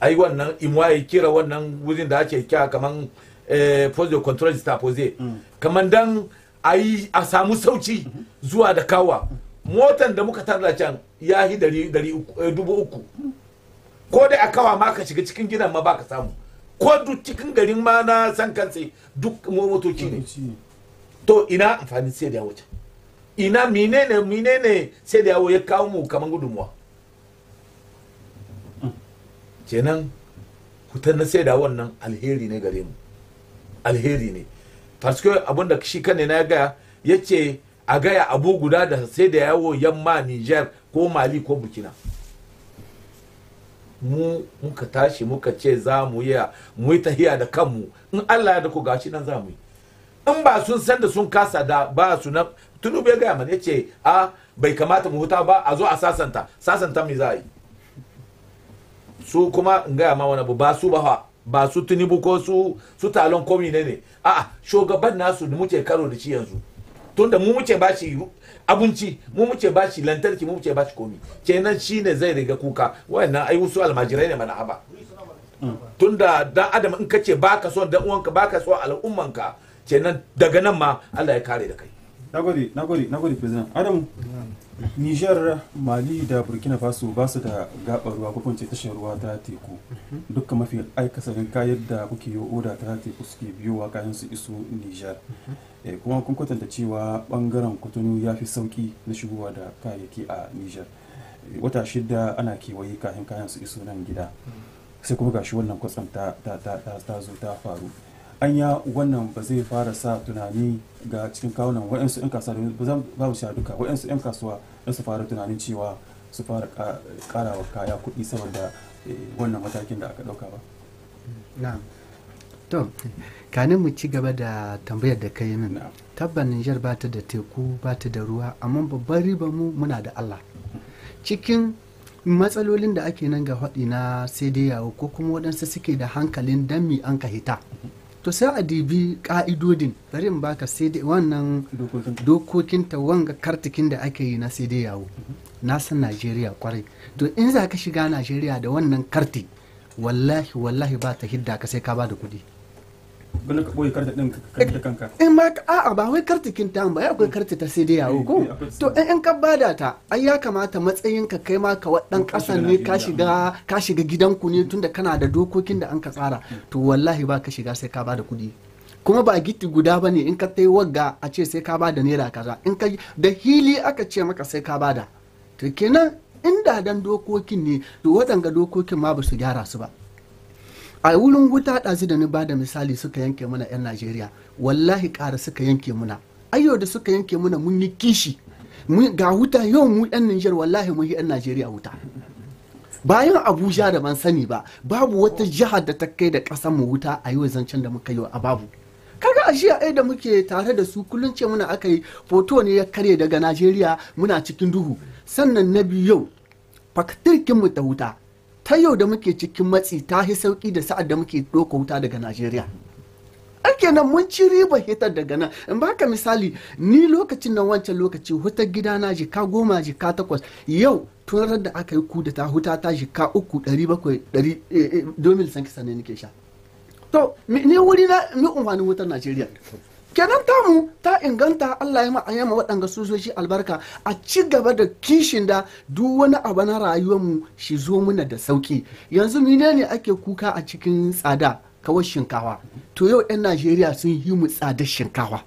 ai wannan imuwa ya kira wannan wuzin da ake kya kaman eh, post de control distapose mm. kaman dan ai a samu sauci zuwa da kawa motan da muka tarda can ya yi eh, dubu uku ko da a kawa ma ka shiga cikin gidan ma ba ka samu ko duk cikin garin ma na san kansa duk motoci ne to ina amfani sai da yawo ina menene menene sai da yawo ya kawo mu kaman gudunmuwa kenan kutan na sai da wannan alheri ne gare mu alheri ne fasko abin da shi kane na gaya ya ce a gaya abu guda da sai da yawo yamma niger ko mali ko burkina mu muka tashi muka ce za mu yi mu yi tahiya da kanmu in allah ya da ku gashi nan za mu yi in ba sun san da sun kasa da ba su na tunubu ya gaya mana ya ce a ah, bai kamata mu huta ba a zo a sasanta sasanta me za a yi su kuma in gaya ma wani abu ba su ba ba su tunibu ko su su talon komi ne ne a shugaban nasu da muke karo da shi yanzu tunda mu muke ba shi abinci mu muke ba shi lantarki mu muke ba shi komi kenan shine zai riga kuka wayannan ai su almajirai ne mana haba tunda dan adam in kace baka son dan uwanka baka son al'ummanka kenan daga nan ma Allah ya kare da kai nagode nagode nagode president adamu nijar mali da burkina faso ba su da gabar ruwa ko kunce tashar ruwa ta teku mhm. duka mafi aikasarin kayan da kuke yi oda ta teku suke biyowa kayan su iso nijar mhm. eh, kuma kun kwatanta cewa bangaren kutunu ya fi sauki na shigowa da kayayyaki a nijar eh, wata shida ana kewaye kayan kayan su iso nan gida mhm. sai kuma gashi wannan kwatsam ta zo ta faru an ya wannan ba zai fara sa tunani ga cikin kawunan waɗansu 'yan kasuwa domin ba mu sha duka waɗansu 'yan kasuwa da su fara tunanin cewa su fara karawa kaya kuɗi saboda eh, wannan matakin da aka ɗauka ba. to kanin mu ci gaba da tambayar da kai min tabbar Nijar ba ta da teku ba ta da ruwa amma babban riba mu muna da Allah cikin matsalolin da ake nan ga faɗi na sai dai yawo ko kuma waɗansu suke da hankalin dami an ka hita to sai a dibi ka'idodin bari in baka sai dai wannan dokokin ta wanga kartikin da ake yi na sai dai yawo na san najeriya kwarai to in za ka shiga najeriya da wannan karti wallahi wallahi ba ta hidda ka sai ka ba da kuɗi gani ka boye din kanka ma a'a ba wai kartikin ta ba akwai karti ta sai dai yawo ko to in ka bada ta ai ah, ya kamata matsayin ka kai ma ka wadan kasan ne ka shiga ka shiga gidanku ne tunda kana da dokokin da an ka tsara hmm. to wallahi ba ka shiga sai ka bada kuɗi kuma ba giti guda ba ne in ka ta yi wagga a ah, ce sai ka bada naira kaza in ka da hili aka ah, ce maka sai ka bada to kenan inda dan dokokin ne to waɗanga dokokin ma ba su gyara su ba a wurin wuta ɗazu da ni ba da misali suka yanke mana 'yan najeriya wallahi ƙara suka yanke muna ayyau da suka yanke muna mun yi kishi ga wuta yau mu 'yan nijar wallahi mun yi 'yan najeriya wuta bayan abuja da ban sani ba babu wata jihar da ta kai da ƙasar mu wuta a yi zancen da muka yi a babu kaga a jiya ɗaya da muke tare da su kullum ce muna aka yi foto ne ya karye daga najeriya muna cikin duhu sannan na biyu yau faktirkin mu ta wuta ta yau da muke cikin matsi ta fi sauki da sa'ad da muke ɗauka wuta daga najeriya an kenan mun ci riba hitar daga nan in baka misali ni lokacin nan wancan lokaci gida na jika goma jika takwas yau tun da aka yi da ta huta ta jika uku ɗari bakwai ɗari eh, eh, domin san kisa ne nake sha to ni wuri na mi unwani wutar najeriya kenan tamu ta inganta Allah ya ma'ayyama waɗanga sojoji albarka a ci gaba da kishin da duk wani abu na rayuwarmu shi zo muna da sauki yanzu mine ne ake kuka a cikin tsada kawai shinkawa to yau 'yan najeriya sun yi mu tsada shinkawa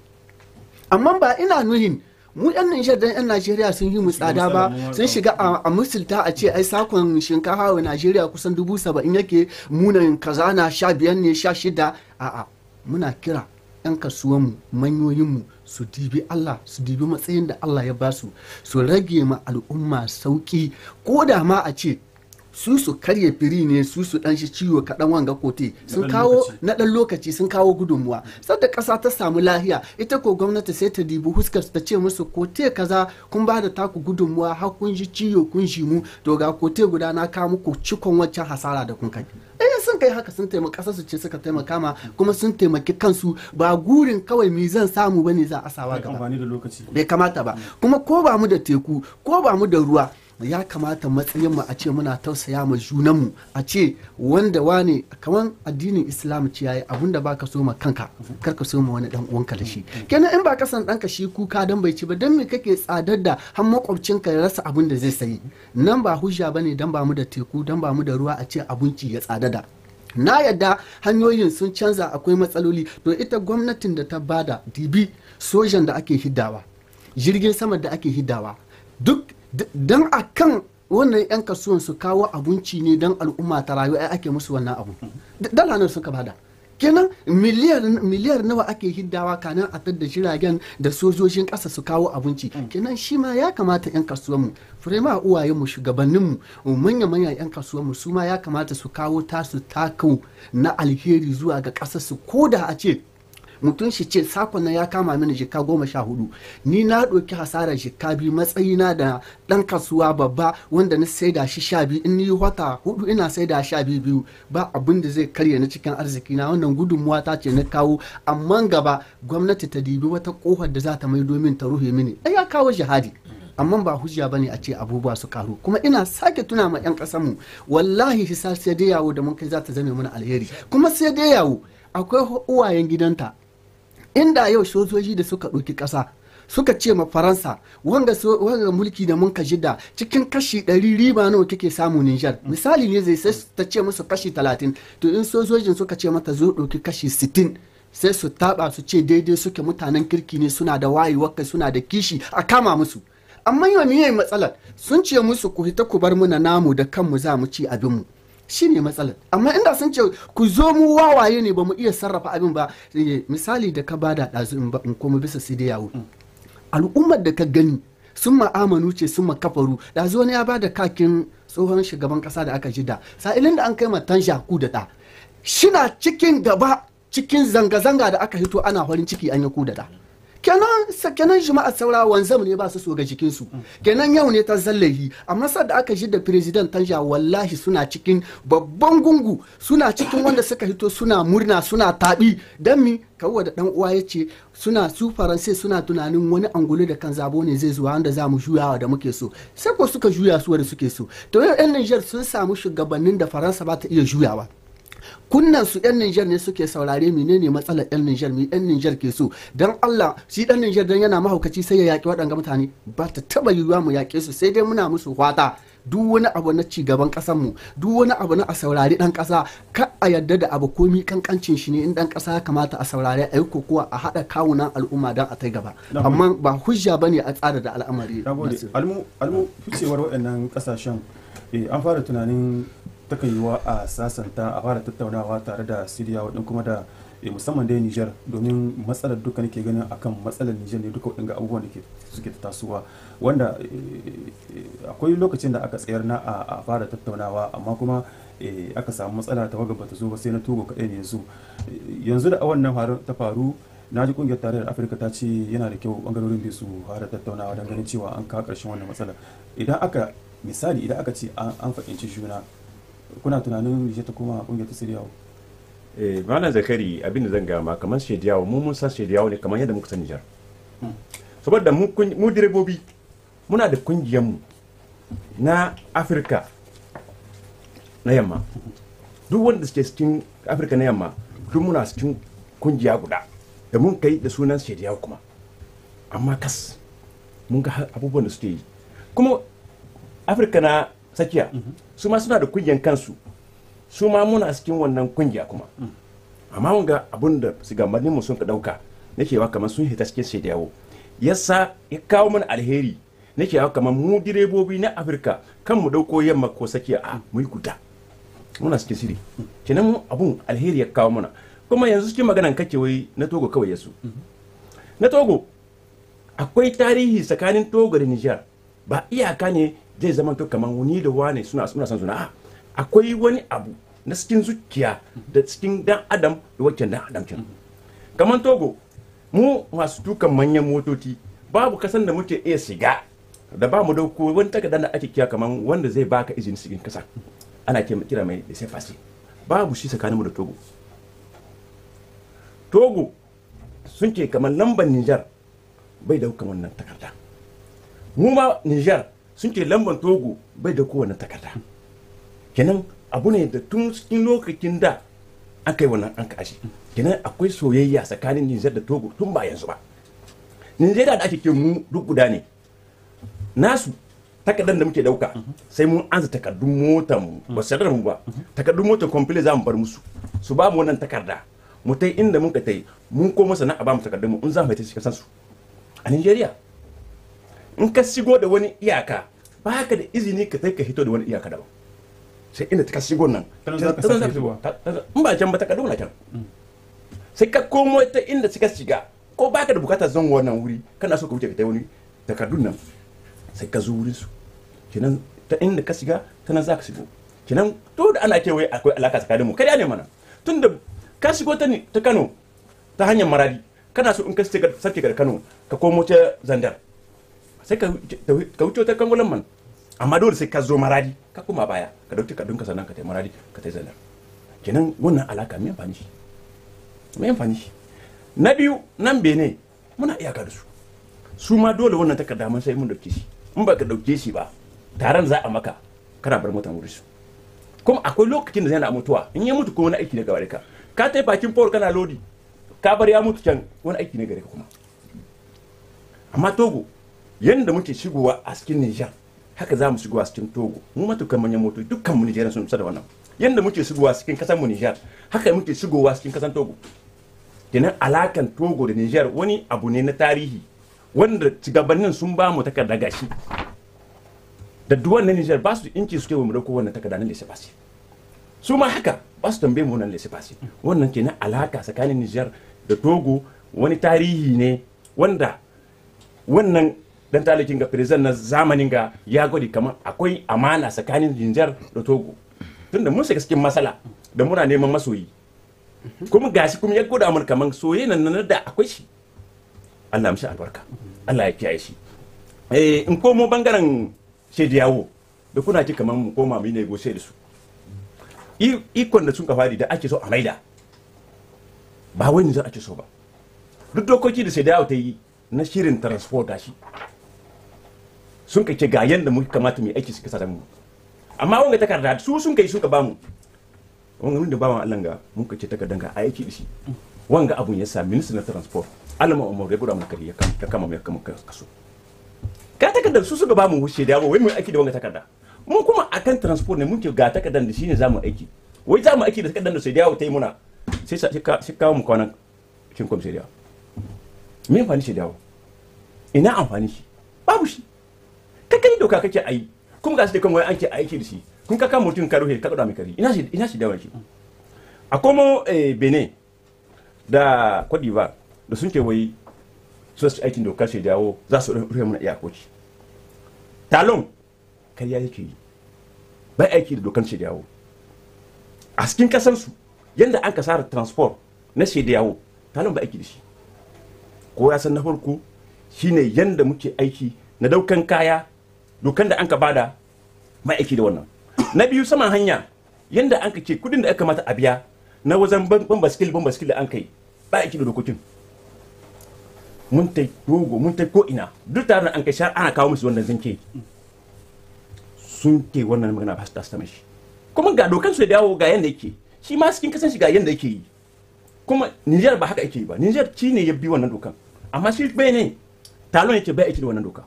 amma ba ina nuhin mu yan nijar dan yan najeriya sun yi mu tsada ba sun shiga a musulta a ce ai sakon shinkawa wa najeriya kusan dubu saba'in yake munan kaza na sha biyar ne sha shida a'a muna kira 'yan kasuwanmu manyoyinmu su dibi Allah su dibi matsayin da Allah ya basu su rage ma al'umma sauki ko da ma a ce su su karye firi ne su su dan shi ciwo kaɗan wanga kote sun kawo na ɗan lokaci sun kawo gudunmuwa sadda ƙasa ta samu lahiya ita ko gwamnati sai ta dibi huskar ta ce musu kote kaza kun ba da taku gudunmuwa har kun ji ciwo kun shi mu to ga kote guda na kawo muku cikon waccan hasara da kun kai eh sun kai haka sun taimaka ƙasa su ce suka taimaka ma kuma sun taimaki kansu ba gurin kawai mi zan samu bane za a sawa gaba bai kamata ba kuma ko ba mu da teku ko ba mu da ruwa ya kamata matsayin mu a ce muna tausaya ma junan mu a ce wanda wane kaman addinin islam ce yayi abinda baka so ma kanka kar ka so ma wani dan uwanka da shi kenan in ba ka san danka shi kuka dan bai ci ba dan me kake tsadar da har makwabcin ya rasa abin da zai sayi nan ba hujja bane dan ba mu da teku dan ba mu da ruwa a ce abinci ya tsadada na yadda hanyoyin sun canza akwai matsaloli to ita gwamnatin da ta bada dibi sojan da ake hiddawa jirgin sama da ake hiddawa duk don a kan wannan 'yan kasuwan su kawo abinci ne don al'umma ta rayuwa ai ake musu wannan abu dala nan suka bada kenan miliyar nawa ake hiddawa kanan a tadda jiragen da sojojin ƙasa su kawo abinci mm. kenan shi ma ya kamata 'yan kasuwanmu uwaye mu shugabanninmu manya-manya 'yan kasuwanmu su ma ya kamata su kawo tasu takau na alheri zuwa ga ƙasarsu ko da a ce mutum shi ce sakon nan ya kama mini jika goma sha hudu ni na ɗauki hasarar jika biyu matsayina da ɗan kasuwa babba wanda na da shi sha biyu in ni wata hudu ina da sha biyu biyu ba abin da zai karya na cikin arziki na wannan gudunmuwa ta ce na kawo amma gaba gwamnati ta dibi wata kofar da za ta mai domin ta ruhe mini ai ya kawo jihadi amma ba hujja bane a ce abubuwa su karu kuma ina sake tuna ma yan kasan mu wallahi hisar sai dai yawo da mun kai za ta zame mana alheri kuma sai dai yawo akwai uwayen gidanta inda yau sojoji da suka ɗauki ƙasa suka ce ma faransa wanga mulki da mun kashi da cikin kashi ɗari riba nawa kake samu Nijar misali ne zai sai ta ce musu kashi talatin to in sojojin suka ce mata zo ɗauki kashi sittin sai su taɓa su ce daidai suke mutanen kirki ne suna da wayi kai suna da kishi a kama musu amma yau ne matsalar sun ce musu ku hita ku bar muna namu da kanmu za mu ci abinmu shine matsalar amma inda sun ce ku zo mu wawaye ne ba mu iya sarrafa abin ba misali da ka bada ɗazu in in koma bisa sai da yawo al'ummar da ka gani sun ma'amanu ce sun ma kafaru zo wani ya bada kakin tsohon shugaban kasa da aka ji da sa'ilin da an kai matan shaku da shi shina cikin gaba cikin zanga-zanga da aka hito ana farin ciki an yi ku da ta. kenan kenan jama'a saura wanzam ne ba su so ga jikin su kenan yau ne ta zallahi amma sa da aka ji da president tanja wallahi suna cikin babban gungu suna cikin wanda suka hito suna murna suna tabi dan mi kawo da dan uwa yace suna su faransai suna tunanin wani angulu da kan zabo ne zai zuwa wanda za mu juyawa da muke so sai ko suka juya su wanda suke so to yau yan Niger sun samu shugabannin da faransa ba ta iya juyawa kunnan su yan Niger ne suke saurare menene matsalar yan Niger mi yan Niger ke so dan Allah shi dan Niger dan yana mahaukaci sai ya yaki ga mutane ba ta taba yiwuwa mu yake su sai dai muna musu fata duk wani abu na ci gaban kasar mu duk wani abu na a saurari dan ƙasa ka a yarda da abu komi kankancin shi ne in dan kasa ya kamata a saurari ayi kokowa a haɗa kawunan al'umma dan a tai gaba amma ba hujja bane a tsara da al'amari almu almu ficewar waɗannan eh, an fara tunanin ta kai yiwuwa a sasanta a fara tattaunawa tare da siriya waɗin kuma da eh, musamman dai niger domin matsalar duka nake ganin akan matsalar niger ne duka waɗanda abubuwan da suke tasuwa tasowa wanda eh, akwai lokacin da aka tsayar na a fara tattaunawa amma kuma eh, aka samu matsala ta waga bata zo ba sai na togo kaɗai ne yanzu yanzu da wannan ta faru na ji kungiyar tarayyar afirka ta ce yana da kyau bangarorin biyu su fara tattaunawa don ganin cewa an kawo ƙarshen wannan matsala idan aka misali idan aka ce an fahimci juna kuna tunanin rishe ta koma kungiyar ta siriyawo eh malam zakari abin da zan gaya ma kamar shediyawo mu mun san shediyawo ne kamar yadda muka san nijar hmm. saboda mu direbobi muna da kungiyar mu na afirka na yamma duk wanda suke cikin afirka na yamma duk muna cikin kungiya guda da mun kai da sunan shediyawo kuma amma kas mun ga abubuwan da suke yi kuma afirka na sakiya mhm. su ma suna da kungiyan kansu su ma muna cikin wannan kungiya kuma mhm. amma mun ga abin da sigamannin mu sun ka dauka nake cewa kamar sun hita cikin sai yawo yasa ya kawo mana alheri nake cewa kamar mu direbobi na afirka kan mu dauko yamma ko sakiya a mu yi guda muna cikin siri mhm. kenan abun alheri ya kawo mana kuma yanzu cikin maganan kake wai na togo kawai yasu na togo akwai tarihi tsakanin togo da nijar ba iyaka ne zai zama to kamar wani da wane suna suna san suna ah, akwai wani abu na cikin zuciya da cikin dan adam da wakil dan adam kamar togo mu masu tukan manyan motoci babu kasan da muke iya shiga da ba mu dauko wani takarda da ake kira kamar wanda zai baka izini cikin kasa ana kira mai da sai fasi babu shi tsakanin mu da togo togo sun ce kamar lambar nijar bai daukan wannan takarda mu ma nijar sun ce lamban togo bai da kowane takarda kenan abu ne da tun cikin lokacin da an kai wannan an kashi kenan akwai soyayya tsakanin nijar da togo tun ba yanzu ba nijar da ake ke mu duk guda ne nasu takardar da muke dauka sai mun anza takardun motar mu ba sadar mu ba takardun motar kwamfile za mu bar musu su ba mu wannan takarda mu tai inda mun ka tai mun koma sana'a ba mu takardun mu in za mu yi ta a nijeriya in ka shigo da wani iyaka ba ka da izini ka kai ka hito da wani iyaka daban sai inda ta shigo nan in ba can ba ta ka dole can mm. sai ka komo ta inda suka shiga ko ba ka da bukata zan wannan wuri kana so ka wuce ka ta wani ta kaduna sai ka zo wurin su kenan ta inda ka shiga ta nan za ka shigo kenan to da ana kewaye akwai alaka tsakanin mu kada ne mana tunda ka shigo ta ta Kano ta hanyar maradi kana so in ka shiga sarki Kano ka komo ta Zandar sai ka wuce ta kangolan man amma dole sai ka zo maradi ka koma baya ka dauki ka dunka sannan ka tai maradi ka tai zalla kenan wannan alaka mai amfani shi mai amfani shi na biyu nan bene muna iyaka da su su ma dole wannan takarda mun sai mun dauke shi in ka dauke shi ba taron za a maka kana bar mutan wuri su kuma akwai lokacin da zai na mutuwa in ya mutu ko wani aiki ne gaba ka ka tai bakin for kana lodi ka bar ya mutu can wani aiki ne gare ka kuma amma togo yadda muke shigowa a cikin Nijar haka za mu shigowa cikin Togo mu matukan manyan motoci dukkan mu Nijar sun da wannan yadda muke shigowa cikin kasar mu Nijar haka muke shigowa cikin kasar Togo kenan alakan Togo da Nijar wani abu ne na tarihi wanda shugabannin sun ba mu takarda gashi da duwan na Nijar ba su inci suke mu dauko wannan takarda na lissa fasi su ma haka ba su tambaye mu wannan lissa fasi wannan kenan alaka tsakanin Nijar da Togo wani tarihi ne wanda wannan dan talikin ga firizan na zamanin ga ya gwadi kamar akwai amana tsakanin jinjar da togo tunda mun shiga cikin masala da muna neman masoyi kuma gashi kuma ya gwada mun kamar soyayya nan da akwai shi Allah mishi albarka Allah ya kiyaye shi eh in komo bangaren yawo da kuna ji kamar mu koma mu ne goshe da su ikon da sun ka fadi da ake so a maida ba wani ne ake so ba duk dokoki da shediyawo ta yi na shirin transport da shi sun kai ce ga yanda muka kamata mai aiki suka sa mu amma wanga takarda su sun kai suka bamu wanga mun da bawan Allah ga mun ce takardan ga aiki da shi wanga abun ya sa minister na transport alama umar ya gura mun ya kama mai kama kaso ga takardar su suka bamu wuce da wai mun aiki da wanga takarda mun kuma akan transport ne muke ga takardan da shine zamu aiki wai zamu aiki da takardan da sai dawo ta yi muna sai sai kawo mu kwanan cin kwam sai dawo me amfani shi dawo ina amfani shi babu shi kai kai doka kake ai kuma ga shi da kan wai anke aiki da shi kun ka kan mutum karo ka kada mai kari ina shi ina shi da wani a komo eh, benin da kwadi ba da sun ce wai su su aikin doka shi dawo za su rufe mana iyakoki talon kariya yake yi bai aiki da dokan shi dawo a cikin kasansu yadda an ka kasara transport na shi dawo talon bai aiki da shi ko ya san na farko shine yadda muke aiki na daukan kaya dokan da an ka bada mai aiki da wannan na biyu saman hanya yanda an ce kudin da aka mata a biya na wajen ban baskil ban baskil da an kai ba aiki da dokokin mun ta dogo mun ta ko ina duk tare da an kai ana kawo musu wannan zinke sun ke wannan magana ba su ta sama shi kuma ga dokan su da dawo ga yanda yake shi ma sukin kasance ga yanda yake yi kuma Nijar ba haka yake yi ba Nijar shi ne ya bi wannan dokan amma shi bai ne talon yake bai aiki da wannan dokan.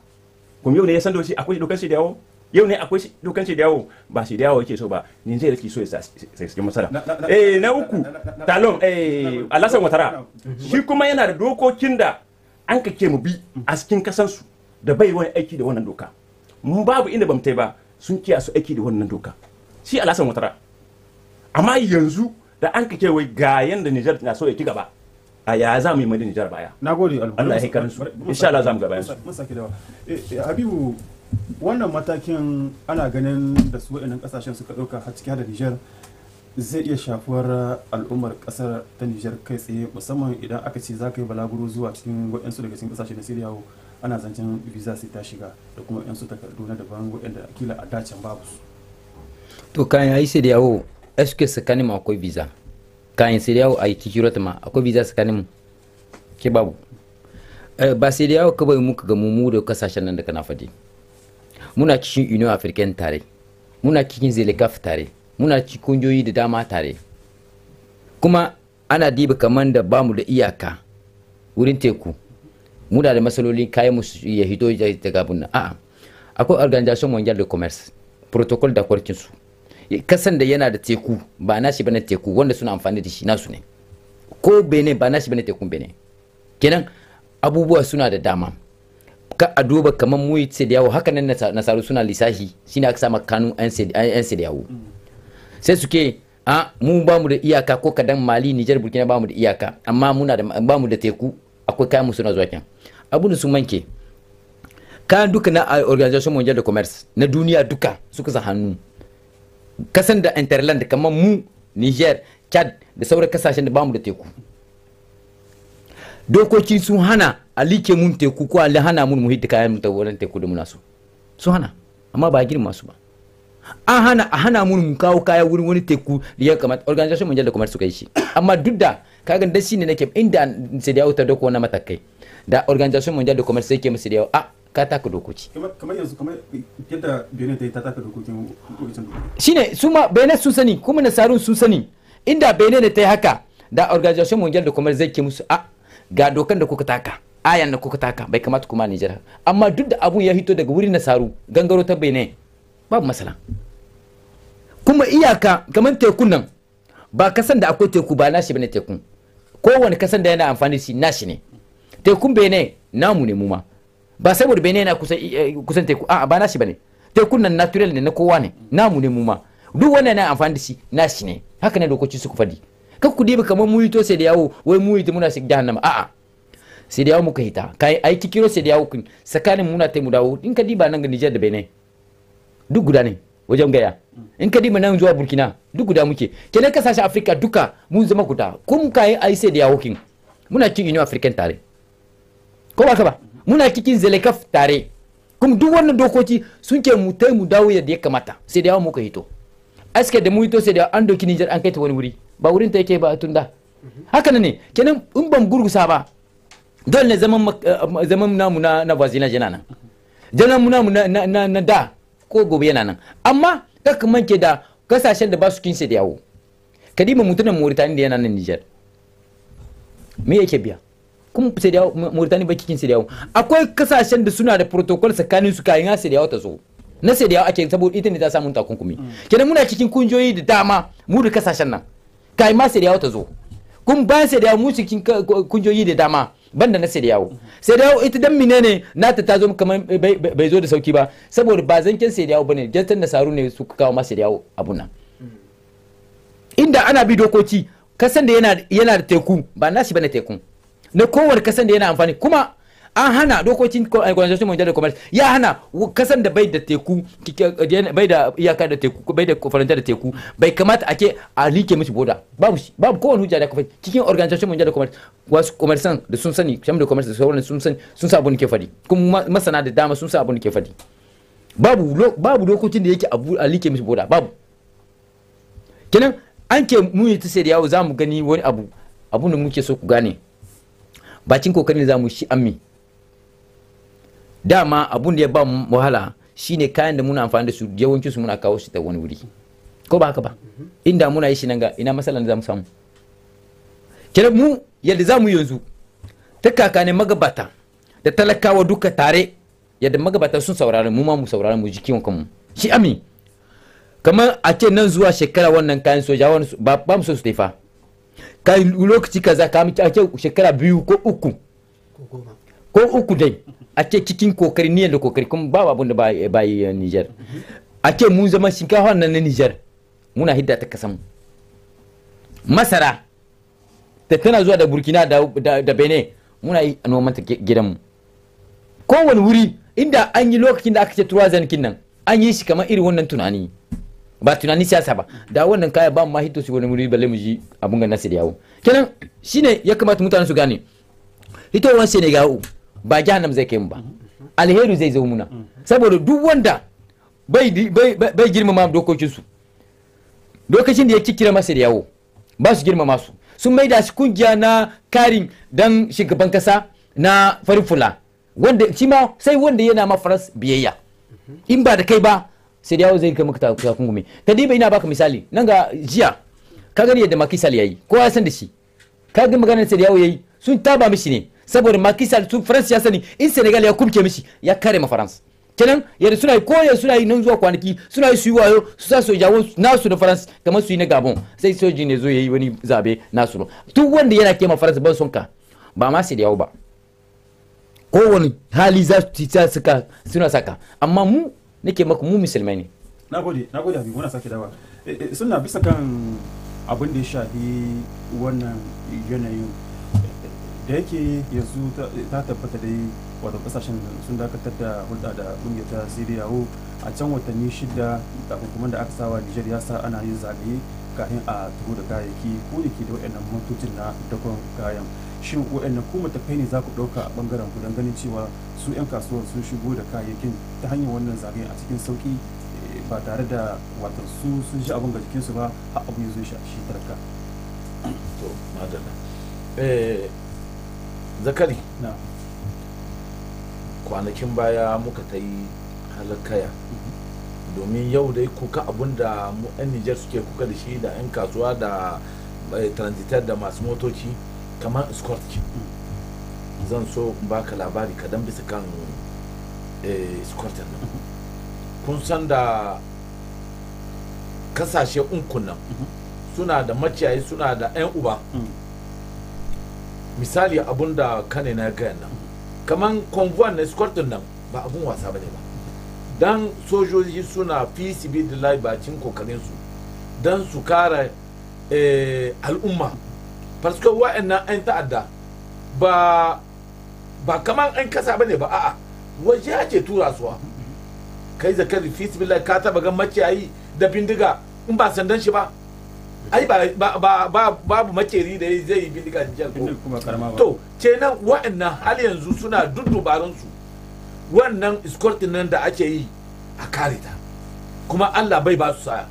kuma yau ne ya san doshi akwai dokan shi da yawo yau ne akwai dokan shi da yawo ba shi da yawo yake so ba ni zai rike so ya sai masara eh na uku talon eh alasan watara shi kuma yana da dokokin da an kake mu bi a cikin kasan su da bai wani aiki da wannan doka mun babu inda bamu ba sun kiya su aiki da wannan doka shi alasan watara amma yanzu da an kake wai ga yanda Niger na so ya ci gaba a ya za mu yi madina jar baya na gode Allah ya karin su insha Allah za mu gaba mun saki da Habibu wannan matakin ana ganin da su waɗannan kasashen suka dauka har cikin da Niger zai iya shafuwar al'ummar kasar ta Niger kai tsaye musamman idan aka ce za ka yi balaguro zuwa cikin waɗansu daga cikin kasashe na Syria ana zancen visa sai ta shiga da kuma waɗansu takardu na daban waɗanda kila a dacen babu su to kan yayi sai da yawo eske ma akwai visa kan CDAO a yi tikirota a akwai visa tsakanin mu ke babu eh, ba ka bai muka ga mu da kasashen nan da kana fadi muna cikin Union African tare muna cikin Zelekaf tare muna cikin kungiyoyi da dama tare kuma ana diba kamar da bamu da iyaka wurin teku muna da matsaloli kayan mu ya hito daga bunna a'a akwai organization mondial de commerce protocol da kwarkinsu su kasan da yana da teku ba nashi bane teku wanda suna amfani da shi nasu ne ko bene ba nashi bane tekun bene kenan abubuwa suna da dama ka a duba kamar mu yi yawo haka nan nasaru suna lissafi shine aka sama kanun yan yawo sai suke a mu ba mu da iyaka ko kadan mali nijar burkina ba mu da iyaka amma muna da ba mu da teku akwai kayan mu suna zuwa kyan abu da su manke kayan duka na organization mondial de commerce na duniya duka suka sa hannu kasan da interland kamar mu niger chad da sauran kasashen da bamu da teku dokoki sun hana a like mun teku ko a hana mun muhit kayan ta wurin teku da munasu so sun hana amma ba girma su ba an hana a hana mun mu kawo kaya wurin wani teku da ya kamata organization mun jalla kuma su kai shi amma duk da kagan da shine nake inda sai da ya wuta doko na matakai da organization mondial jalla commerce sai ke musu da yawa a ka taka dokoki kamar yanzu kamar yadda benin ta yi ta taka dokokin shine su ma benin sun sani kuma nasarun sun sani inda benin ta yi haka da organization mondial ah, da kuma zai ke musu a ga dokan da kuka taka ayan da kuka taka bai kamata kuma Nijar amma duk da abun ya hito daga wurin nasaru gangaro ta benin babu masala kuma iyaka kamar tekun nan ba kasan da akwai teku ba nashi bane tekun kowane kasan da yana amfani shi nashi ne tekun benin namu ne mu ma ba saboda benin na kusan eh, eh, teku a ba nashi bane tekun nan natural ne na kowa ne namu ne mu ma duk wanda na amfani da shi nashi ne haka ne dokoki suka fadi kan ku dibi kamar mu yito sai da yawo wai mu yito muna shiga jahannama a'a sai da yawo muka hita kai ai kikiro sai da yawo kun sakanin muna tai mu dawo in ka diba nan ga Niger da Benin duk guda ne wajen gaya in ka diba nan zuwa Burkina duk guda muke kenan kasashen Africa duka mun zama guda kun kai ai sai da yawo kin muna cikin Union African tare ko ba ka ba muna cikin zelekaf tare kuma duk wannan dokoki sun ke mu tai mu dawo yadda ya kamata sai da yawa muka hito aske da mu hito sai da an doki Nijar an kai ta wani wuri ba wurin ta yake ba tun da haka ne kenan in ban gurgusa ba dole zaman eh, eh, zaman namu na na vazina jana nan jana mu namu na na da ko gobe yana nan amma kaka manke da kasashen da ba su kinse da yawo kadima mutunan Mauritania da yana nan Niger me yake biya Kun sai da Mauritania baki kin sai da akwai kasashen da suna da protocol tsakanin su kayan sai da ta zo na sai da ake saboda ita ne ta samu takunkumi kenan muna cikin kunjoyi da dama mu da kasashen nan kai ma sai da ta zo kun ba sai da mu cikin kunjoyi da dama banda na sai da yawo sai da yawo ita dan menene nata ta zo kamar bai zo da sauki ba saboda ba zanken sai da yawo bane jantan nasaru ne su kawo ma sai da yawo abun nan inda ana bi dokoki kasan da yana da teku ba nashi bane tekun na kowane kasan da yana amfani kuma an hana dokokin organization mondial da commerce ya hana kasan da bai da teku uh, bai da iyaka da teku bai da faranta da teku bai kamata ake a like mishi boda babu shi babu kowane hujja da kafai cikin organization mondial da commerce wasu commerçant da sun sani sham da commerce da sauran sun sani sun sa ne ke fadi kuma masana da dama sun sa ne ke fadi babu babu dokokin da yake a like mishi boda babu kenan an ke muni ta sai da yawo za mu gani wani abu abun da muke so ku gane bacin kokarin da zamu shi ammi dama abun da ya ba mu wahala shine kayan da muna amfani da su yawancin su muna kawo shi ta wani wuri ko ba haka ba mhm. inda muna yi shi nan ga ina matsalan da zamu samu kenan mu yadda zamu yanzu ta kakane magabata da talakawa duka tare yadda magabata sun saurari mu ma mu saurari mu jikin kanmu shi ami kamar a ce nan zuwa shekara wannan kayan soja ba mu so su taifa kai lokaci kaza ka miki ake shekara biyu ko uku ko uku dai a cikin kokari niyan da kokari kuma babu abin da ba yi eh, Niger a ce mun zama shinkafa nan na Niger muna hidda ta kasan masara ta tana zuwa da Burkina da Benin muna yi noman ta gidanmu kowane wuri inda an yi lokacin da aka ce tuwa zankin nan an yi shi kamar irin wannan tunani ba tunanin siyasa ba da wannan kaya ba ma hito su wani muri balle mu ji abun ga nasir yawo kenan shine ya kamata mutane su gane hitowar senegal ba jahannam zai kai mu ba alheri zai zo muna saboda duk wanda bai girmama dokokinsu lokacin da ya kikira masa da yawo ba su girmama su sun mai da shi kungiya na karin dan shugaban kasa na farin fula wanda shi ma sai wanda yana ma faras biyayya in ba da kai ba sai yawo zai kai maka takunkumi kadiba ina baka misali nan ga jiya ka gani yadda makisal yayi kowa ya san da shi ka ga maganar sai yawo yayi sun taba mishi ne saboda makisal su france ya sani in senegal ya kumke mishi ya kare ma france kenan yadda suna yi yadda suna yi nan zuwa kwanaki suna yi su yi wayo su sa sojawo nasu na faransa kamar su yi na gabon sai soji ne zo ya yi wani zabe nasu duk wanda yana kema france ban sonka ka ba ma sai da yawo ba kowane hali za su ci suna saka amma mu nake maku mu musulmai ne na gode na gode abin wani sake dawa eh, eh, suna bisa kan abin da ya shafi wannan yanayin da yake yanzu ta tabbata yi wato kasashen sun dakatar da hulɗa da ƙungiya ta siriyawo a can watanni shida da hukumar da aka sawa nijar ya sa ana yin zagaye kafin a tuho da kayayyaki ko da ke da waɗannan motocin na dakon kayan shin waɗanne ko matafai ne za ku ɗauka a ɓangaren ku don ganin cewa su 'yan kasuwar sun shigo da kayayyakin ta hanyar wannan zaɓe a cikin sauƙi eh, ba tare da wato su sun ji abin ga jikinsu ba har abu ya zo shi a tarka. to madalla eh, zakari na kwanakin baya muka ta yi halakaya domin yau dai kuka abun da mu 'yan nijar suke kuka da shi da 'yan kasuwa da eh, transitar da masu motoci kamar escort zan so in baka labari kadan bisa kan eh, scott nan kun san da kasashe unkun nan suna da maciyayi suna da 'yan uba misali abun da kane na gaya nan kamar convoy na scott nan ba abun wasa ba ne ba dan sojoji suna fi sibi da laibacin kokarinsu dan su kara eh, al'umma parce que wa'annan an ta'adda ba ba kaman an kasa bane ba a'a waje ake tura suwa kai zakari fisbillah ka taba ga maciyayi da bindiga in ba sandan shi ba ai ba babu makeri da zai yi bindiga da jan to kenan wa'annan hal yanzu suna duddubarin su wannan escorting nan da ake yi a kare ta kuma Allah bai ba su saya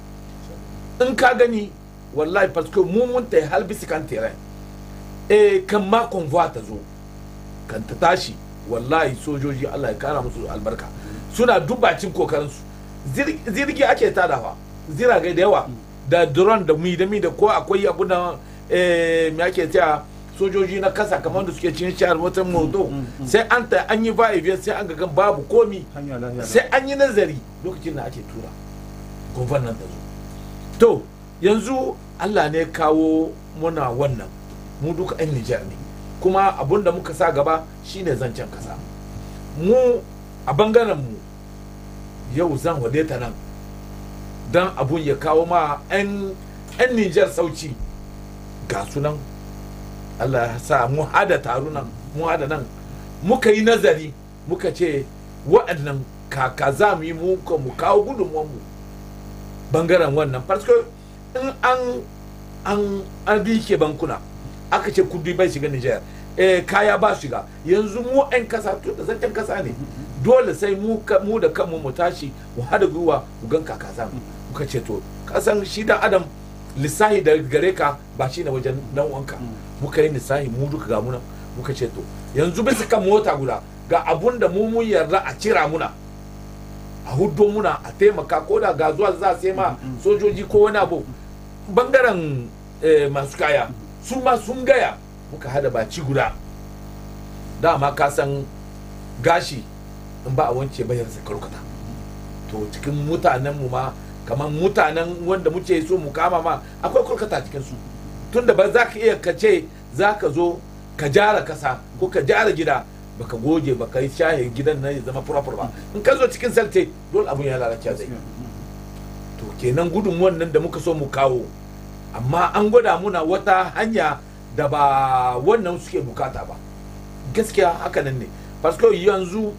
in ka gani wallahi parce que mu mun tai halbisi kan terrain eh kan ma konvoi ta zo kan ta tashi wallahi sojoji Allah ya kara musu albarka suna kokarin kokarinsu zirgi ake tadawa ga da yawa da drone da mi da mi da ko akwai abu da eh, me ake cewa sojoji na kasa kamar da suke cin shahar watan moto mm, mm, mm. sai an ta an yi ba biyar sai an gan babu komi sai an yi nazari lokacin da ake tura gwamnan ta zo to yanzu Allah ne kawo muna wannan mu duka 'yan Nijar ne kuma abun da muka sa gaba shine zancen kasa mu a bangaren mu yau zan ta nan don abun ya kawo ma 'yan Nijar sauci ga sunan Allah sa mu hada tarunan mu hada nan muka yi nazari muka ce waɗannan kaka za mu yi mu mu kawo mu bangaren wannan farko in an an an rike bankuna aka ce kudi bai shiga Nijar eh kaya ba shiga yanzu mu 'yan kasa to da ɗan kasa ne dole sai mu da kanmu mu tashi mu hada gwiwa mu gan kaka mu ka ce to kasan shi da adam lissahi da gare ka ba shi ne wajen nan wanka muka yi lissahi mu duka ga muna muka ce to yanzu bisa kan mota guda ga abun da mu mun yarda a cira muna a huddo muna a taimaka ko da ga zuwa za sai ma sojoji ko wani abu bangaren eh, masu kaya su ma sun gaya muka hada baci guda dama ka san gashi in ba a wance ba yanzu karkuta to cikin mutanen mu ma kamar mutanen wanda muke so mu kama ma akwai kurkata cikin su tunda ba za ka iya ka ce za ka zo ka jara kasa ko ka jara gida baka goge baka yi shaye gidan nan ya zama proper ba in ka zo cikin salte dole abun ya lalace zai to kenan gudun wannan da muka so mu kawo amma an gwada muna wata hanya da ba wannan suke bukata ba gaskiya hakanan ne fasko yanzu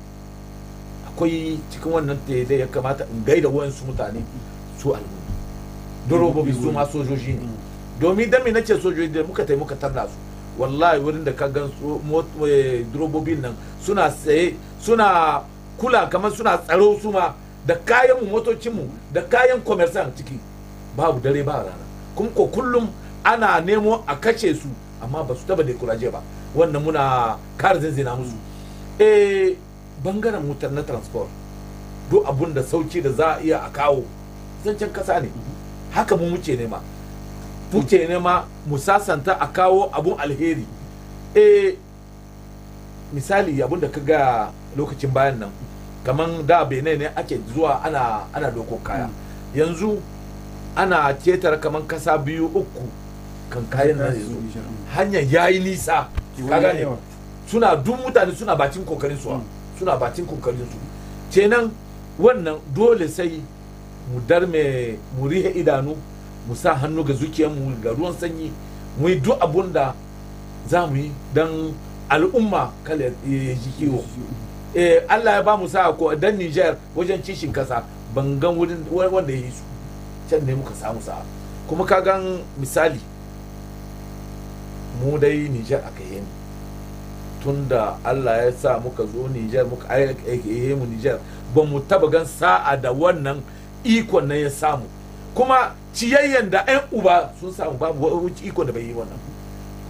akwai cikin wannan da ya kamata in gaida wayansu mutane su al'umma dorobobi su ma sojoji ne domin dami na ce sojoji da muka taimaka muka tarna su wallahi wurin da ka gan eh, durobobin nan suna tsaye suna kula kamar suna tsaro su ma da kayan motocinmu da kayan commerce ciki babu dare ba rana kun ko kullum ana nemo a kace su amma ba su taba dekuraje ba wannan muna kar zinzina musu eh bangaren mutar na transport duk abun da sauki da za a iya a kawo zancen kasa ne haka mu muke nema muke nema mu sasanta a kawo abun alheri eh misali abun da ka ga lokacin bayan nan kamar da bene ne ake zuwa ana ana doko kaya mm. yanzu ana ketar kamar kasa biyu uku kan kayan nan yanzu hanyar yayi nisa ka gane suna duk mutane suna bakin kokarin su mm. suna bakin kokarin su kenan wannan dole sai mu darme mu rihe idanu mu sa hannu ga zukiyarmu ga ruwan sanyi mu yi duk abun da za mu yi don al'umma kala ya ji kiwo eh, Allah ya ba mu sa ko dan Niger wajen cishin kasa ban gan wurin wanda ya yi su can ne muka samu sa'a kuma ka gan misali mu dai nijar aka yi ne tun da allah ya sa muka zo nijar muka yi mu nijar ba mu taba gan sa'a da wannan ikon nan ya samu kuma ciyayyen da 'yan uba sun samu ba wani ikon da bai yi wannan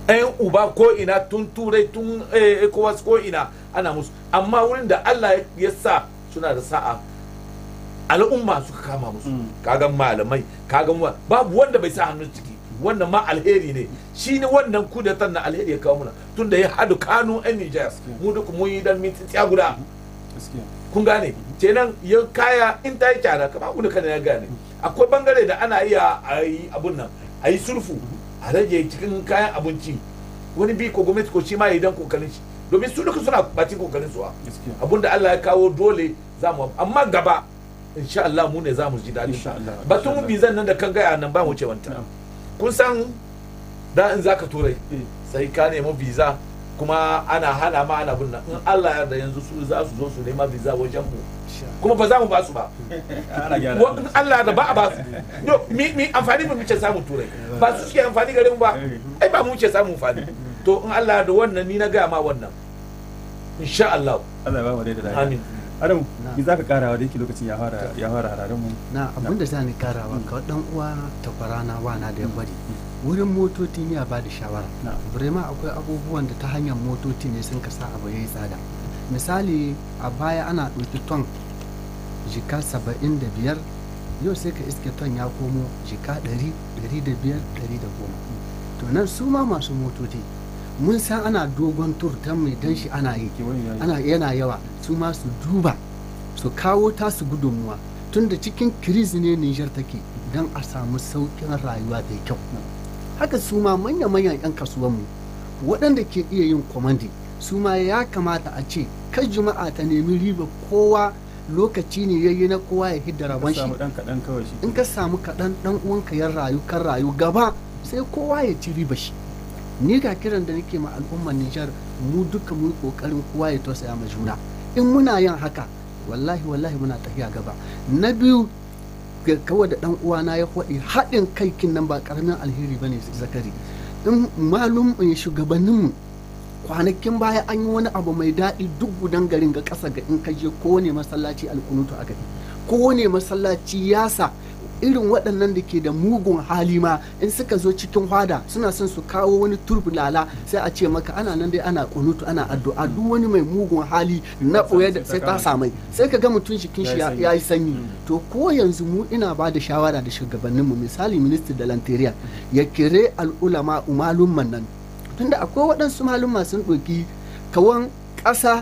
'yan uba ko ina tun turai tun kowas eh, ko ina ana musu amma wurin da allah ya sa suna da sa'a al'umma suka kama musu kagan malamai kagan babu wanda bai sa hannun ciki wannan ma alheri ne shi ne wannan kudatan na alheri ya kawo muna tun da ya hadu kanu yan nijas mu duk mun yi dan tsaya guda kun gane kenan ya kaya in ta yi kyara kama kuna kana ya gane akwai bangare da ana iya a yi abun nan a yi sulfu a rage cikin kayan abinci wani bi ko gwamnati ko shi ma ya dan kokarin shi domin su duka suna bacin kokarin su abun da Allah ya kawo dole za mu amma gaba insha Allah mu ne za mu ji daɗin batun bizan nan da kan gaya nan ba wuce wanta kun san da in zaka turai eh. sai ka nemi visa kuma ana hana ma ana bunna in Allah ya da yanzu su za su zo su nema visa wajen mu kuma ba za mu ba su ba in Allah da ba a ba su no mi mi amfani mu muke samu turai ba su suke amfani gare mu ba eh. ai ba mu muke samu amfani eh. to in Allah da wannan ni na ga ma wannan insha Allah Allah ya ba mu da amin adam ni za ka karawa da yake lokacin ya fara ya hararen mu na abinda za ni karawa ka dan uwa ta wa na da ya bari mm. wurin motoci ne a ba da shawara burema akwai abubuwan da ta hanyar motoci ne sun kasa abu ya yi tsada misali a baya ana ɗauki ton jika saba'in da biyar yau sai ka iske ton ya komo jika ɗari ɗari da biyar ɗari da goma to nan su ma masu motoci mun san ana dogon tur ta mai dan shi ana yi ana yana yawa su ma su duba su kawo tasu gudunmuwa tunda cikin kiris ne Nijar take don a samu sauƙin rayuwa da kyau haka su ma manya-manyan 'yan kasuwanmu waɗanda ke iya yin kwamandi su ma ya kamata a ce kai juma'a ta nemi riba kowa lokaci ne yi na kowa ya hidda rabon shi in ka samu kaɗan ɗan uwanka ya rayu kan rayu gaba sai kowa ya ci riba shi ni ga kiran da nake ma al'ummar Nijar mu duka mu kokarin kowa ya tausaya ma juna in muna yin haka wallahi wallahi muna tafiya gaba na biyu kawai da dan uwana ya faɗi haɗin kai kin nan ba karamin alheri bane zakari in malum mu. kwanakin baya an yi wani abu mai daɗi duk gudan garin ga ƙasa ga in kaje ne masallaci alkunutu aka yi ne masallaci yasa irin waɗannan da ke da mugun hali ma in suka zo cikin hada suna son su kawo wani turbulala sai a ce maka ana nan dai ana kunutu ana addu'a duk wani mai mugun hali na ɓoye da sai ta samai sai ka ga mutum shi shi ya yi sanyi to ko yanzu mu ina ba da shawara da shugabannin mu misali minista da lanteriya ya kire al'ulama umalumman nan tunda akwai waɗansu malumma sun ɗoki kawan ƙasa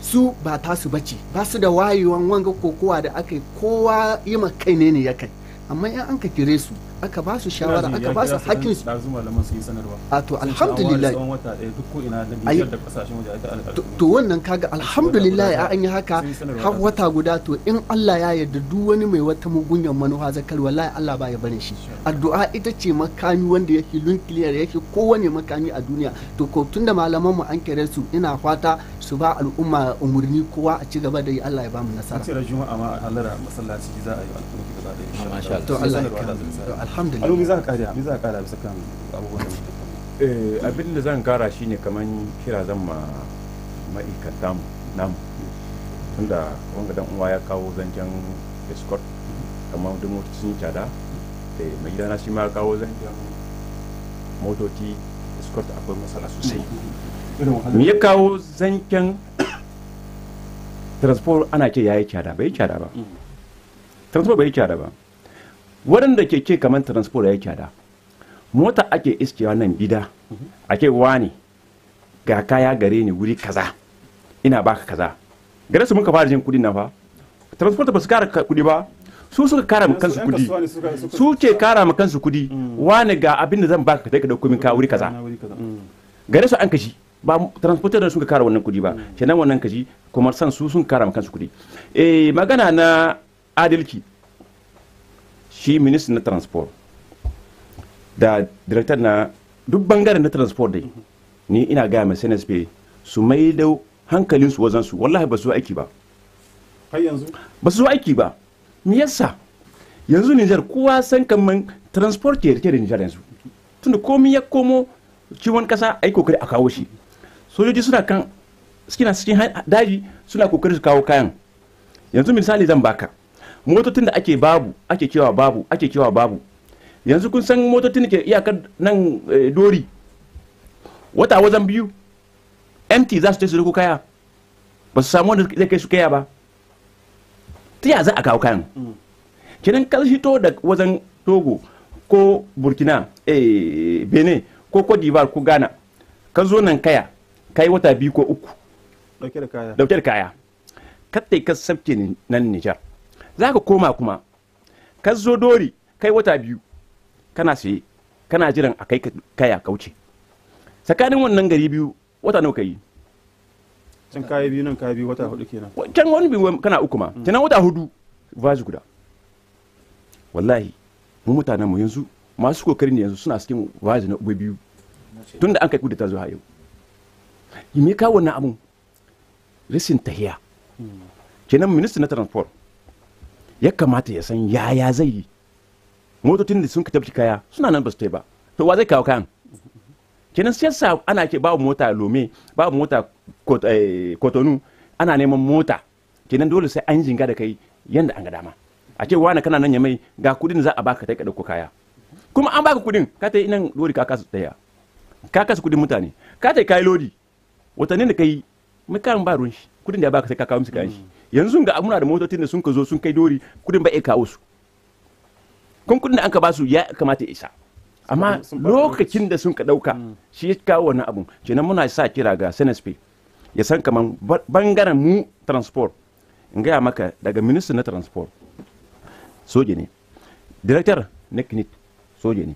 su ba tasu bace ba su da wayewan wanga kokowa da aka yi kowa yi kai ne ne ya kai amma in an ka kire su aka ba su shawara aka ba su hakkin su dazu malaman a to alhamdulillah tsawon wata ɗaya to wannan kaga alhamdulillah an yi haka har wata guda to in Allah ya yarda duk wani mai wata mugunyan manufa zakar wallahi Allah ba ya barin shi addu'a ita ce makami wanda yake lunkiliyar yake kowane makami a duniya to ko tunda malaman mu an kire su ina fata su ba al'umma umurni kowa a ci gaba da yi Allah ya ba mu nasara. An ce juma'a ma halara masallaci za a yi alƙurfi da za a yi. To Allah ya kare. alhamdulillah alhamdulillah za ka kare za ka kare bisa kan abubuwan da eh, abin da zan kara shine kaman kira zan ma ma'aikata namu tunda wanga dan uwa ya kawo zancen escort kamar duk motocin yi cada da eh, mai gidana shi ma kawo zancen motoci escort akwai matsala sosai me ya kawo zancen transport ana ce ya yi cada bai cada ba mm. transport bai cada ba da keke kamar transport ya kyada mota ake iskewa nan gida ake wani ga kaya gare ni wuri kaza ina baka kaza gare su muka fara jin kudi na fa transport ba su kara kudi ba su suka kara ma kansu kudi su ke kara ma kansu kudi mm. wani ga abin da zan baka ka dauko min ka wuri kaza mm. gare su an kashi ba transport da suka kara wannan kudi ba mm. kenan wannan kashi kuma san su sun kara ma kansu kudi eh magana na adalci shi ministan na transport da director na duk bangaren na transport dai ni ina gaya mai snsp su mai da su wajen su wallahi ba su aiki ba ba su aiki ba me yasa yanzu nijar kowa san kaman transport ke rike da nijar yanzu tunda komi ya komo ciwon kasa a yi kokari a kawo shi sojoji suna kan suna cikin daji suna kokari su kawo kayan yanzu misali zan baka motocin da ake babu ake cewa babu ake cewa babu yanzu kun san motocin ke iyakar nan eh, dori wata wajen biyu mt za su ce su riko kaya ba su samu wanda zai kai su kaya ba ta ya za a kawo kayan mm. kinan kar hito da wajen togo ko burkina eh, benin ko cote ko ghana ka zo nan kaya kai wata biyu ko uku dauke da kaya dauke kattai ka sabke nan nijar za ka koma kuma ka zo dori kai wata biyu kana saye kana jiran a kai kaya kauce tsakanin wannan gari biyu wata nawa ka yi can kayi biyu nan kayi biyu wata hudu kenan can wani biyu kana uku ma mm. kenan wata hudu vaji guda wallahi mu mutanen mu yanzu masu kokarin yanzu suna cikin vaji na ubai biyu tun da an kai kudu ta zuwa yau yi me kawo wannan abun rashin tahiya mm. kenan minista na transport ya kamata ya san yaya zai yi motocin da sun tafi kaya suna nan ba su ba to wa zai kawo kayan kenan sa ana ke babu mota lome babu mota eh, kotonu ana neman mota kenan dole sai an jinga da kai yanda an ga dama a ce wani kana nan ya mai ga kudin za a baka ta ka dauko kaya kuma an baka kudin ka ta yi nan lori ka kasa tsaya ka kasa kudin mutane ka ta yi kayi lori watanni da kai mai karin ba ruwan shi kudin da ya baka sai ka kawo musu kayan shi yanzu ga muna da motocin da sun ka zo sun kai dori kudin ba ya kawo su kun kudin da an ka ba su ya kamata isa amma lokacin da sun ka dauka mm. shi ya kawo abu ce nan muna sa kira ga senespe ya san kaman bangaren mu transport in gaya maka daga minista na transport soje ne director na knit soje ne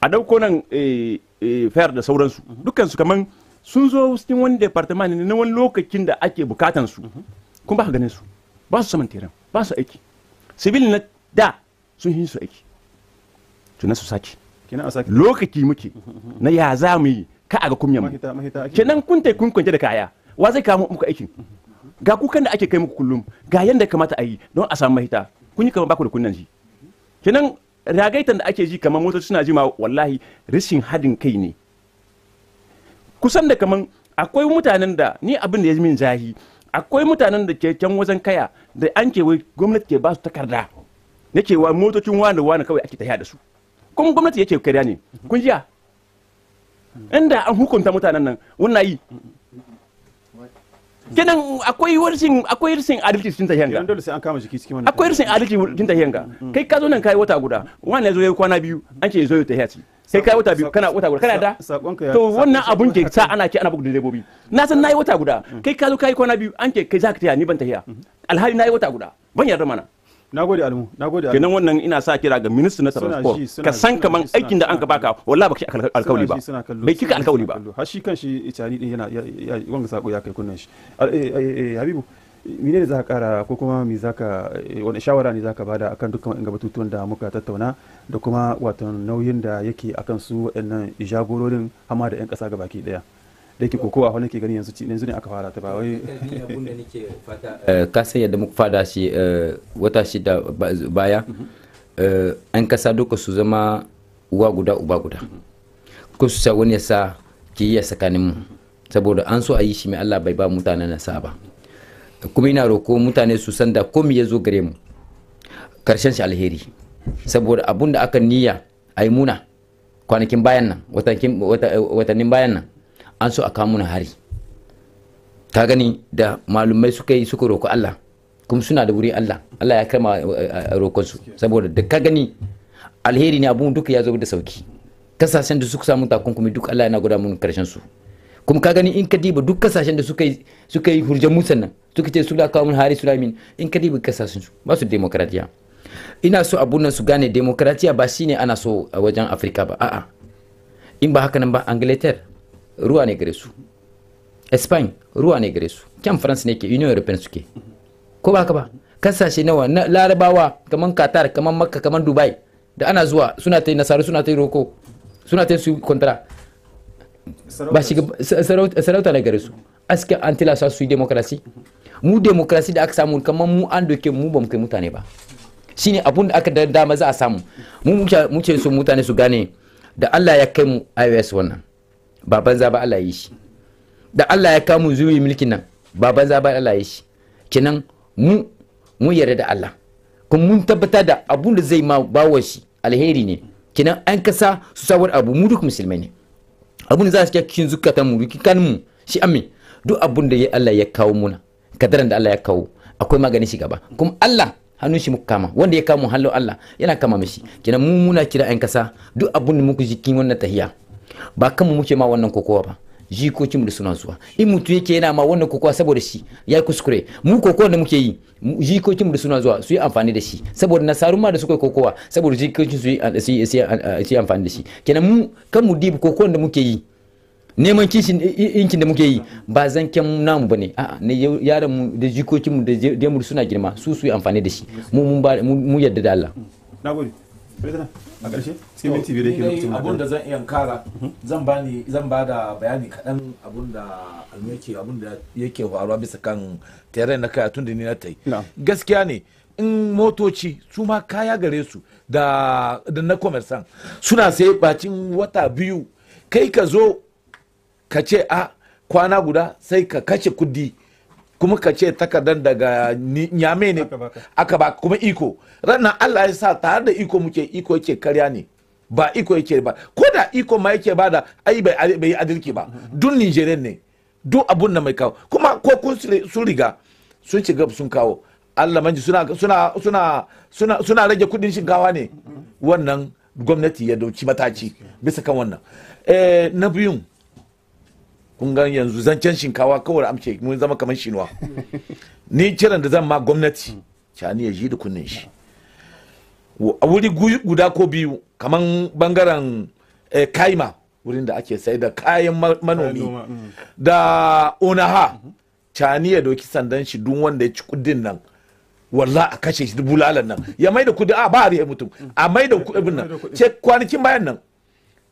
a dauko nan eh, eh, fayar da sauransu mm-hmm. dukansu kaman sun zo cikin wani departement ne na wani lokacin da ake bukatansu. su mm-hmm. Kun ba ka ganin su ba su saman teran ba su aiki civil na da sun yi su aiki tunan su sake lokaci muke na ya za mu yi ka a ga kunyan mu kenan kun tai kun kwanke da kaya wa zai kawo muku aikin ga kukan da ake kai muku kullum ga yanda kamata a yi don a samu mahita kun yi kamar baku da kunnan ji kenan ragaitan da ake ji kamar motoci suna ji ma wallahi rishin hadin kai ne kusan da kamar akwai mutanen da ni abin da ya min jahi akwai mutanen da ke can wajen kaya da an ke wai gwamnati ke ba su takarda na cewa motocin wani wani kawai ake tafiya da su kuma gwamnati yake karya ne kun jiya inda an hukunta mutanen nan wannan yi kenan akwai rashin akwai rashin adalci cikin tahiyan ga dole sai an kama jiki cikin wannan akwai rashin adalci cikin tahiyan ga kai ka zo nan kai wata guda wannan yazo yayi kwana biyu an ce yazo yayi tahiya ci sai kai wata biyu kana wata guda kana da to wannan abun ke sa ana ke ana bugu direbobi na san nayi wata guda mm. kai ka zo kai kwana biyu an ke kai zaka taya ni ban tahiya mm-hmm. alhali nayi wata guda ban yarda mana nagode almu nagode almu kenan wannan ina sa kira ga minister na transport ka san kaman aikin da an ka baka wallahi baki alkawali ba bai kika alkawali ba har shi kanshi itani din yana wanga sako ya kai kunnan shi eh, eh, eh, habibu mene ne za ka kara ko kuma me za ka wani shawara ne za ka bada akan dukkan wa'in batutuwan da muka tattauna da kuma wato nauyin da yake akan su waɗannan jagororin hama da 'yan ƙasa ga baki ɗaya da yake kokowa wani ke gani yanzu ci yanzu ne aka fara ta ba wai eh, eh, ka san yadda muka fada shi eh, wata shida baya mhm. an kasa duka su zama uwa guda uba guda mhm. ko su sa wani yasa sa yi tsakanin mu saboda an so a yi shi mai Allah bai ba mutane nasa ba kuma ina roko mutane su san ko komai ya zo gare mu karshen shi alheri saboda abun da aka niyya a yi muna kwanakin bayan nan watannin bayan nan an so a kawo muna hari ka gani da malumai suka yi suka roƙi Allah kuma suna da wuri Allah Allah ya karma eh, roƙonsu saboda da ka gani alheri ne abun duka ya zo da sauki kasashen da suka samu takunkumi duk Allah yana guda mun karshen su kuma ka gani in ka diba duk kasashen da suka yi suka yi hurjan musan nan suka ce su la kawo mun hari su min in ka diba kasashen su ba su demokratiya ina so abun nan su gane demokratiya ba shine ana so a wajen afirka ba a'a in ba haka nan ba angleter ruwa ne gare su spain ruwa ne gare su kyan france ne ke union european suke ko ba haka ba kasashe nawa na larabawa kamar qatar kamar makka kamar dubai da ana zuwa suna ta yi nasaru suna ta yi roko suna ta yi su kontra ba shiga sarauta na gare su aske an tilasa su yi demokrasi mu demokrasi da aka samu kamar mu an doke mu ba mu kai mutane ba shine abun da aka da dama za a samu mu muke so mutane su gane da Allah ya kai mu iOS wannan ba banza ba Allah yi shi da Allah ya kamu zuwi mulkin nan ba banza ba Allah yi shi kenan mu mu yarda da Allah kuma mun tabbata da abun da zai ma bawo shi alheri ne kenan an kasa su sabar abu mu duk musulmai ne abun da za su cikin zukatan mu kan mu shi amin duk abun da Allah ya kawo muna kadaran da Allah ya kawo akwai magani shi gaba kuma Allah hannun shi muka kama wanda ya kama hannun Allah yana kama mishi kenan mu muna kira ayan kasa duk abun da muku jikin wannan tahiya ba mu muke ma wannan kokowa ba jikokinmu da suna zuwa in mutum yake yana ma wannan kokowa saboda shi ya kuskure mu kokowa da muke yi jikokinmu da suna zuwa su yi amfani da shi saboda nasarun ma da suka yi kokowa saboda jikokin su yi amfani da shi kenan mu kan mu dibi kokowa da muke yi neman kishin inkin da muke yi ba zanken namu bane a'a ne yaran mu da jikokin mu da jemur suna girma su su yi amfani da shi mu mun yarda da Allah nagode a ƙarshe sai minti da yake lokacin abun da zan iya kara zan ba ni zan ba da bayani kaɗan abun da yake abun da yake faruwa bisa kan tare na kaya tun da ni na tai gaskiya ne in motoci su ma kaya gare su da na commerce suna sai bacin wata biyu kai ka zo ka ce a ah, kwana guda sai ka kashe kudi kuma ka ce takardar daga nyame ne aka ba kuma iko ranar allah ya sa tare da iko muke iko yake karya ne ba iko yake ba ko da iko ma yake ba da ai bai adirki ba dun nigerian ne duk abun da mai kawo kuma ko kun sun riga sun ci gab sun kawo allah manji suna suna rage kudin shinkawa ne wannan gwamnati ya dauki mataci bisa kan wannan eh na biyun kun gan yanzu zancen shinkawa kawai amce mun zama kamar shinuwa ni kiran da zan ma gwamnati cani ya ji da kunnen shi a wuri guda ko biyu kamar bangaren eh, kaima wurin da ake sai da kayan manomi mm. da onaha cani ya doki sandan shi duk wanda ya ci kudin nan walla a kashe shi bulalan nan ya mai da kudi a ba ya mutum a mai kudin nan ce kwanakin bayan nan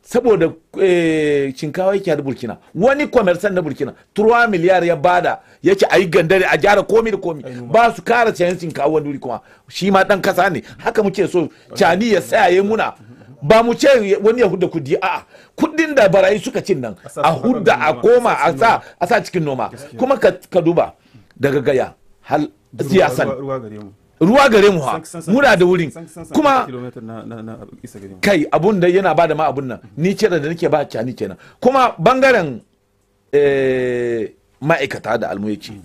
saboda eh, shinkawa yake da burkina wani kwamersan na burkina 3 miliyar ya bada ya ce a yi gandare a gyara komi da komi ba su kara sayan shinkawa wani wuri kuma shi ma dan kasa ne haka muke so cani ya tsayaye muna ba mu ce wani ya hudda kudi a'a kudin da barayi suka cin nan a hudda a koma a sa cikin noma kuma ka duba daga gaya hal siyasan ruwa gare mu ha muna da wurin kuma kai abun da yana bada ma abun nan ni ce da nake ba cani kenan kuma bangaren eh, ma'aikata da almuyaci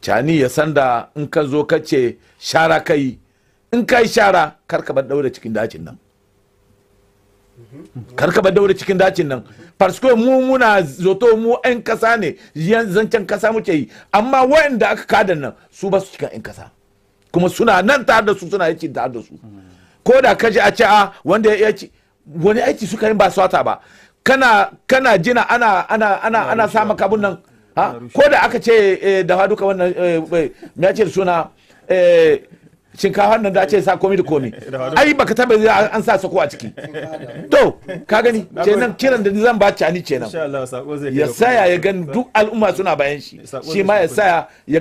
cani ya sanda in ka zo ka ce shara kai in kai shara kar ka cikin dacin nan mhm. kar ka cikin dacin nan farsko mu muna zoto mu 'yan kasa ne yanzu zancen kasa muke yi amma da aka kada nan su ba su cikin 'yan kasa kuma suna nan tare da su suna aiki tare da su ko da ka ji a ce a ah, wanda ya ci wani aiki suka yi ba swata ba kana kana jina ana ana ana nan ko da aka ce eh, eh, da duka wannan eh, me ya ce suna shinkafa nan da ce sa komi da komi ai baka taba an sa sako a ciki to ka gani kenan kiran da zan ba cani kenan ya saya ya gan duk al'umma suna bayan shi shi ma ya saya ya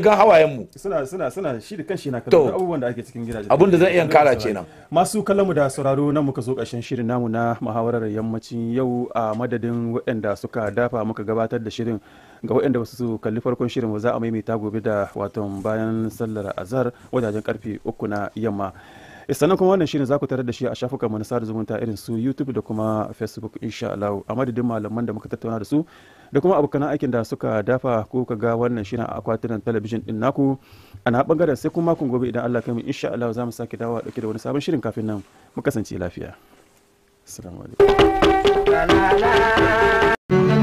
ga hawayen mu suna suna suna shi da kanshi na kallon abubuwan da ake cikin gidaje abun da zan iya kara kenan masu kallon mu da sauraro nan muka zo kashin shirin namu na muhawarar yammacin yau a madadin waɗanda suka dafa muka gabatar da shirin ga waɗanda ba su kalli farkon shirin ba za a maimaita gobe da watan bayan sallar azhar wajajen karfe uku na yamma eh, sannan kuma wannan shirin za ku tarar da shi a shafukan mu na sada zumunta irin su YouTube da kuma Facebook insha Allah a madadin malaman da muka tattauna da su da kuma abokan aikin da suka dafa ko ka ga wannan shirin a akwatunan talabijin din naku a na bangaren sai kuma makon gobe idan Allah kai mu insha Allah za mu sake dawowa dauke da wani sabon shirin kafin nan mu kasance lafiya assalamu alaikum